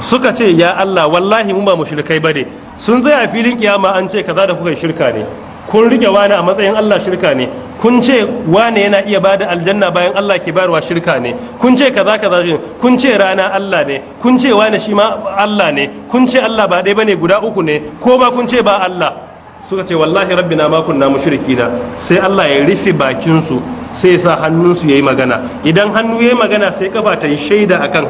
suka ce ya Allah wallahi mun ba mu mushrikai bane sun tsaya filin kiyama an ce kaza da kuka shirka ne kun rike wani a matsayin Allah shirka ne kun ce wani yana iya bada aljanna bayan Allah ke bayarwa shirka ne kun ce kaza kaza shi kun ce rana Allah ne kun ce wani shi ma Allah ne kun ce Allah ba ɗaya bane guda uku ne ko ma kun ce ba Allah suka ce wallahi rabbina ma kunna mushrikina sai Allah ya rufe bakin su sai ya sa hannun su yayi magana idan hannu yayi magana sai kafa ta yi shaida akan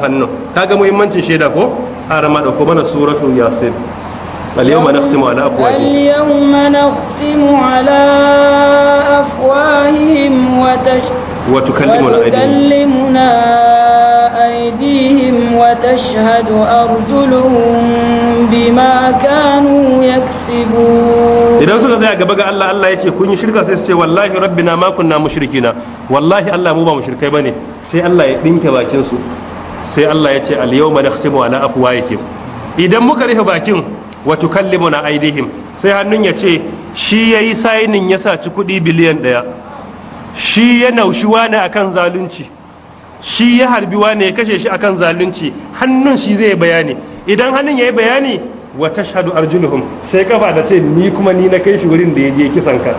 ta kaga muhimmancin shaida ko harama da kuma suratul yasin اليوم نختم على أفواههم اليوم نختم على أفواههم وتش... وتكلمنا, وتكلمنا أيديهم وتشهد أرجلهم بما كانوا idan suka tsaya gaba ga Allah Allah ya ce kun yi shirka sai su ce wallahi rabbina ma kunna mushrikina wallahi Allah mu ba mu mushrikai bane sai Allah ya dinke bakin sai Allah ya ce al yawma nakhtimu ala afwahihim idan muka rufe bakin wa na aidihim sai hannun ya ce shi yayi sainin ya saci kuɗi biliyan ɗaya shi ya naushi wani akan zalunci shi ya harbi wane ya kashe shi akan zalunci hannun shi zai bayani idan hannun ya yi bayani wa tashhadu arjuluhum sai kafa da ce ni kuma ni na kai shi wurin da ya je kisan ka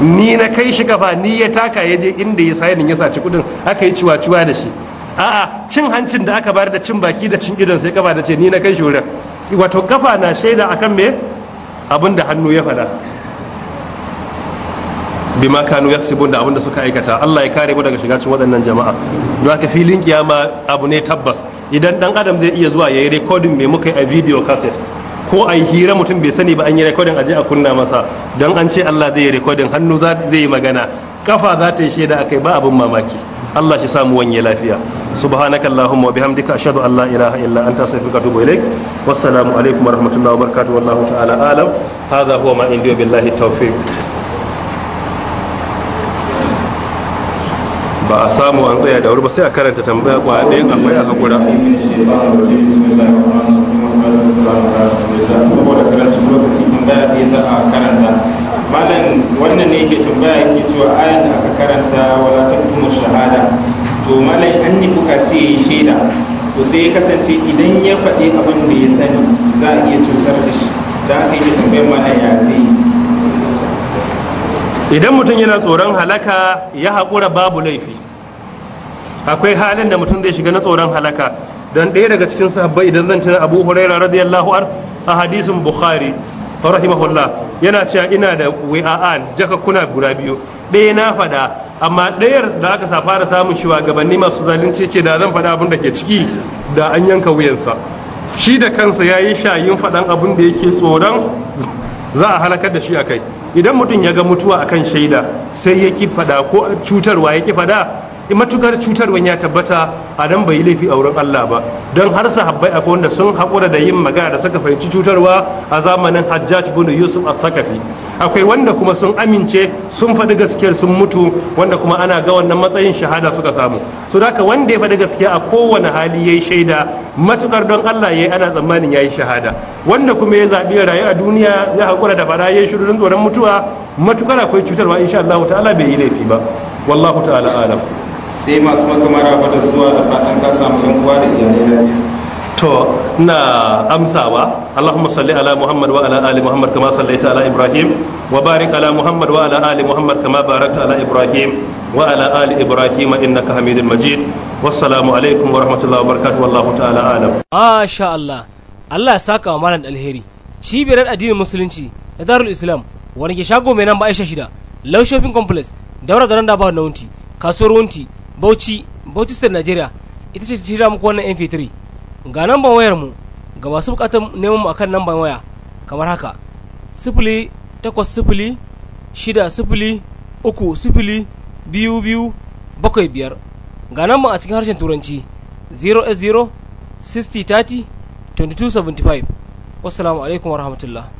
ni na kai shi kafa ni ya taka ya je inda ya sayi ya saci kudin aka yi ciwa-ciwa da shi a'a cin hancin da aka bayar da cin baki da cin idon sai kafa da ce ni na kai shi wurin wato kafa na shaida akan me abin da hannu ya faɗa bima kanu yaksibun da abinda suka aikata Allah ya kare mu daga shiga cikin waɗannan jama'a don haka filin kiyama abu ne tabbas idan dan adam zai iya zuwa yayi recording me muka a video cassette ko a hira mutum bai sani ba an yi recording je a kunna masa don an ce Allah zai yi recording hannu zai yi magana kafa za ta yi shaida akai ba abin mamaki Allah shi samu wanye lafiya subhanaka allahumma wa bihamdika ashhadu an la ilaha illa anta astaghfiruka wa atubu ilaik wassalamu alaikum wa rahmatullahi wa wallahu ta'ala alam hadha huwa ma indiyo billahi tawfiq ba a samu an tsaya da wuri ba sai a karanta tambaya kwa ɗaya akwai a hakura saboda karancin lokaci tambaya ɗaya za a karanta malam wannan ne yake tambaya yake cewa ayan da aka karanta wala ta tattumu shahada to malam an yi bukaci ya shaida to sai ya kasance idan ya faɗi abin da ya sani za a iya cutar da shi da aka yi tambayar malam ya zai idan mutum yana tsoron halaka ya haƙura babu laifi akwai halin da mutum zai shiga na tsoron halaka don ɗaya daga cikin sahabbai idan zan tuna abu huraira radiyallahu an a hadisin bukhari rahimahullah yana cewa ina da wa'an jaka kuna guda biyu ɗaya na faɗa amma ɗayar da aka sa fara samun shugabanni masu zalunci ce da zan faɗa abin da ke ciki da an yanka wuyansa shi da kansa ya yi shayin faɗan abin da yake tsoron za a halakar da shi a kai idan mutum ya ga mutuwa akan shaida sai ya ki fada ko cutarwa ya ki fada matukar cutarwan ya tabbata a nan bai yi laifi a wurin Allah ba don har sahabbai akwai wanda sun haƙura da yin magana da suka fahimci cutarwa a zamanin Hajjaj bin Yusuf a sakafi akwai wanda kuma sun amince sun faɗi gaskiyar sun mutu wanda kuma ana ga wannan matsayin shahada suka samu su da wanda ya faɗi gaskiya a kowane hali ya yi shaida matukar don Allah ya yi ana tsammanin ya yi shahada wanda kuma ya zabi rayu a duniya ya haƙura da fara shiru shirin tsoron mutuwa matukar akwai cutarwa in sha Allah ta'ala bai yi laifi ba wallahu ta'ala alam sai masu makamara ba da zuwa da fatan ka samu yan uwa da iyalai lafiya to na amsawa allahumma salli ala muhammad wa ala ali muhammad kama sallaita ala ibrahim wa barik ala muhammad wa ala ali muhammad kama barakta ala ibrahim wa ala ali ibrahim innaka hamidul majid wassalamu alaikum wa rahmatullahi wa barakatuh wallahu ta'ala alam masha allah allah ya saka wa malam alheri cibiyar addinin musulunci da darul islam wani ke shago mai nan ba aisha shida low shopping complex daura da nan da ba nauti kasuwar wunti bauchi bauchi state nigeria ita ce ta shirya muku wannan mp3 ga namban wayar mu ga masu bukatar neman mu akan namban waya kamar haka sifili takwas sifili shida sifili uku sifili biyu biyu bakwai biyar ga a cikin harshen turanci 0 0 60 30 alaikum warahmatullahi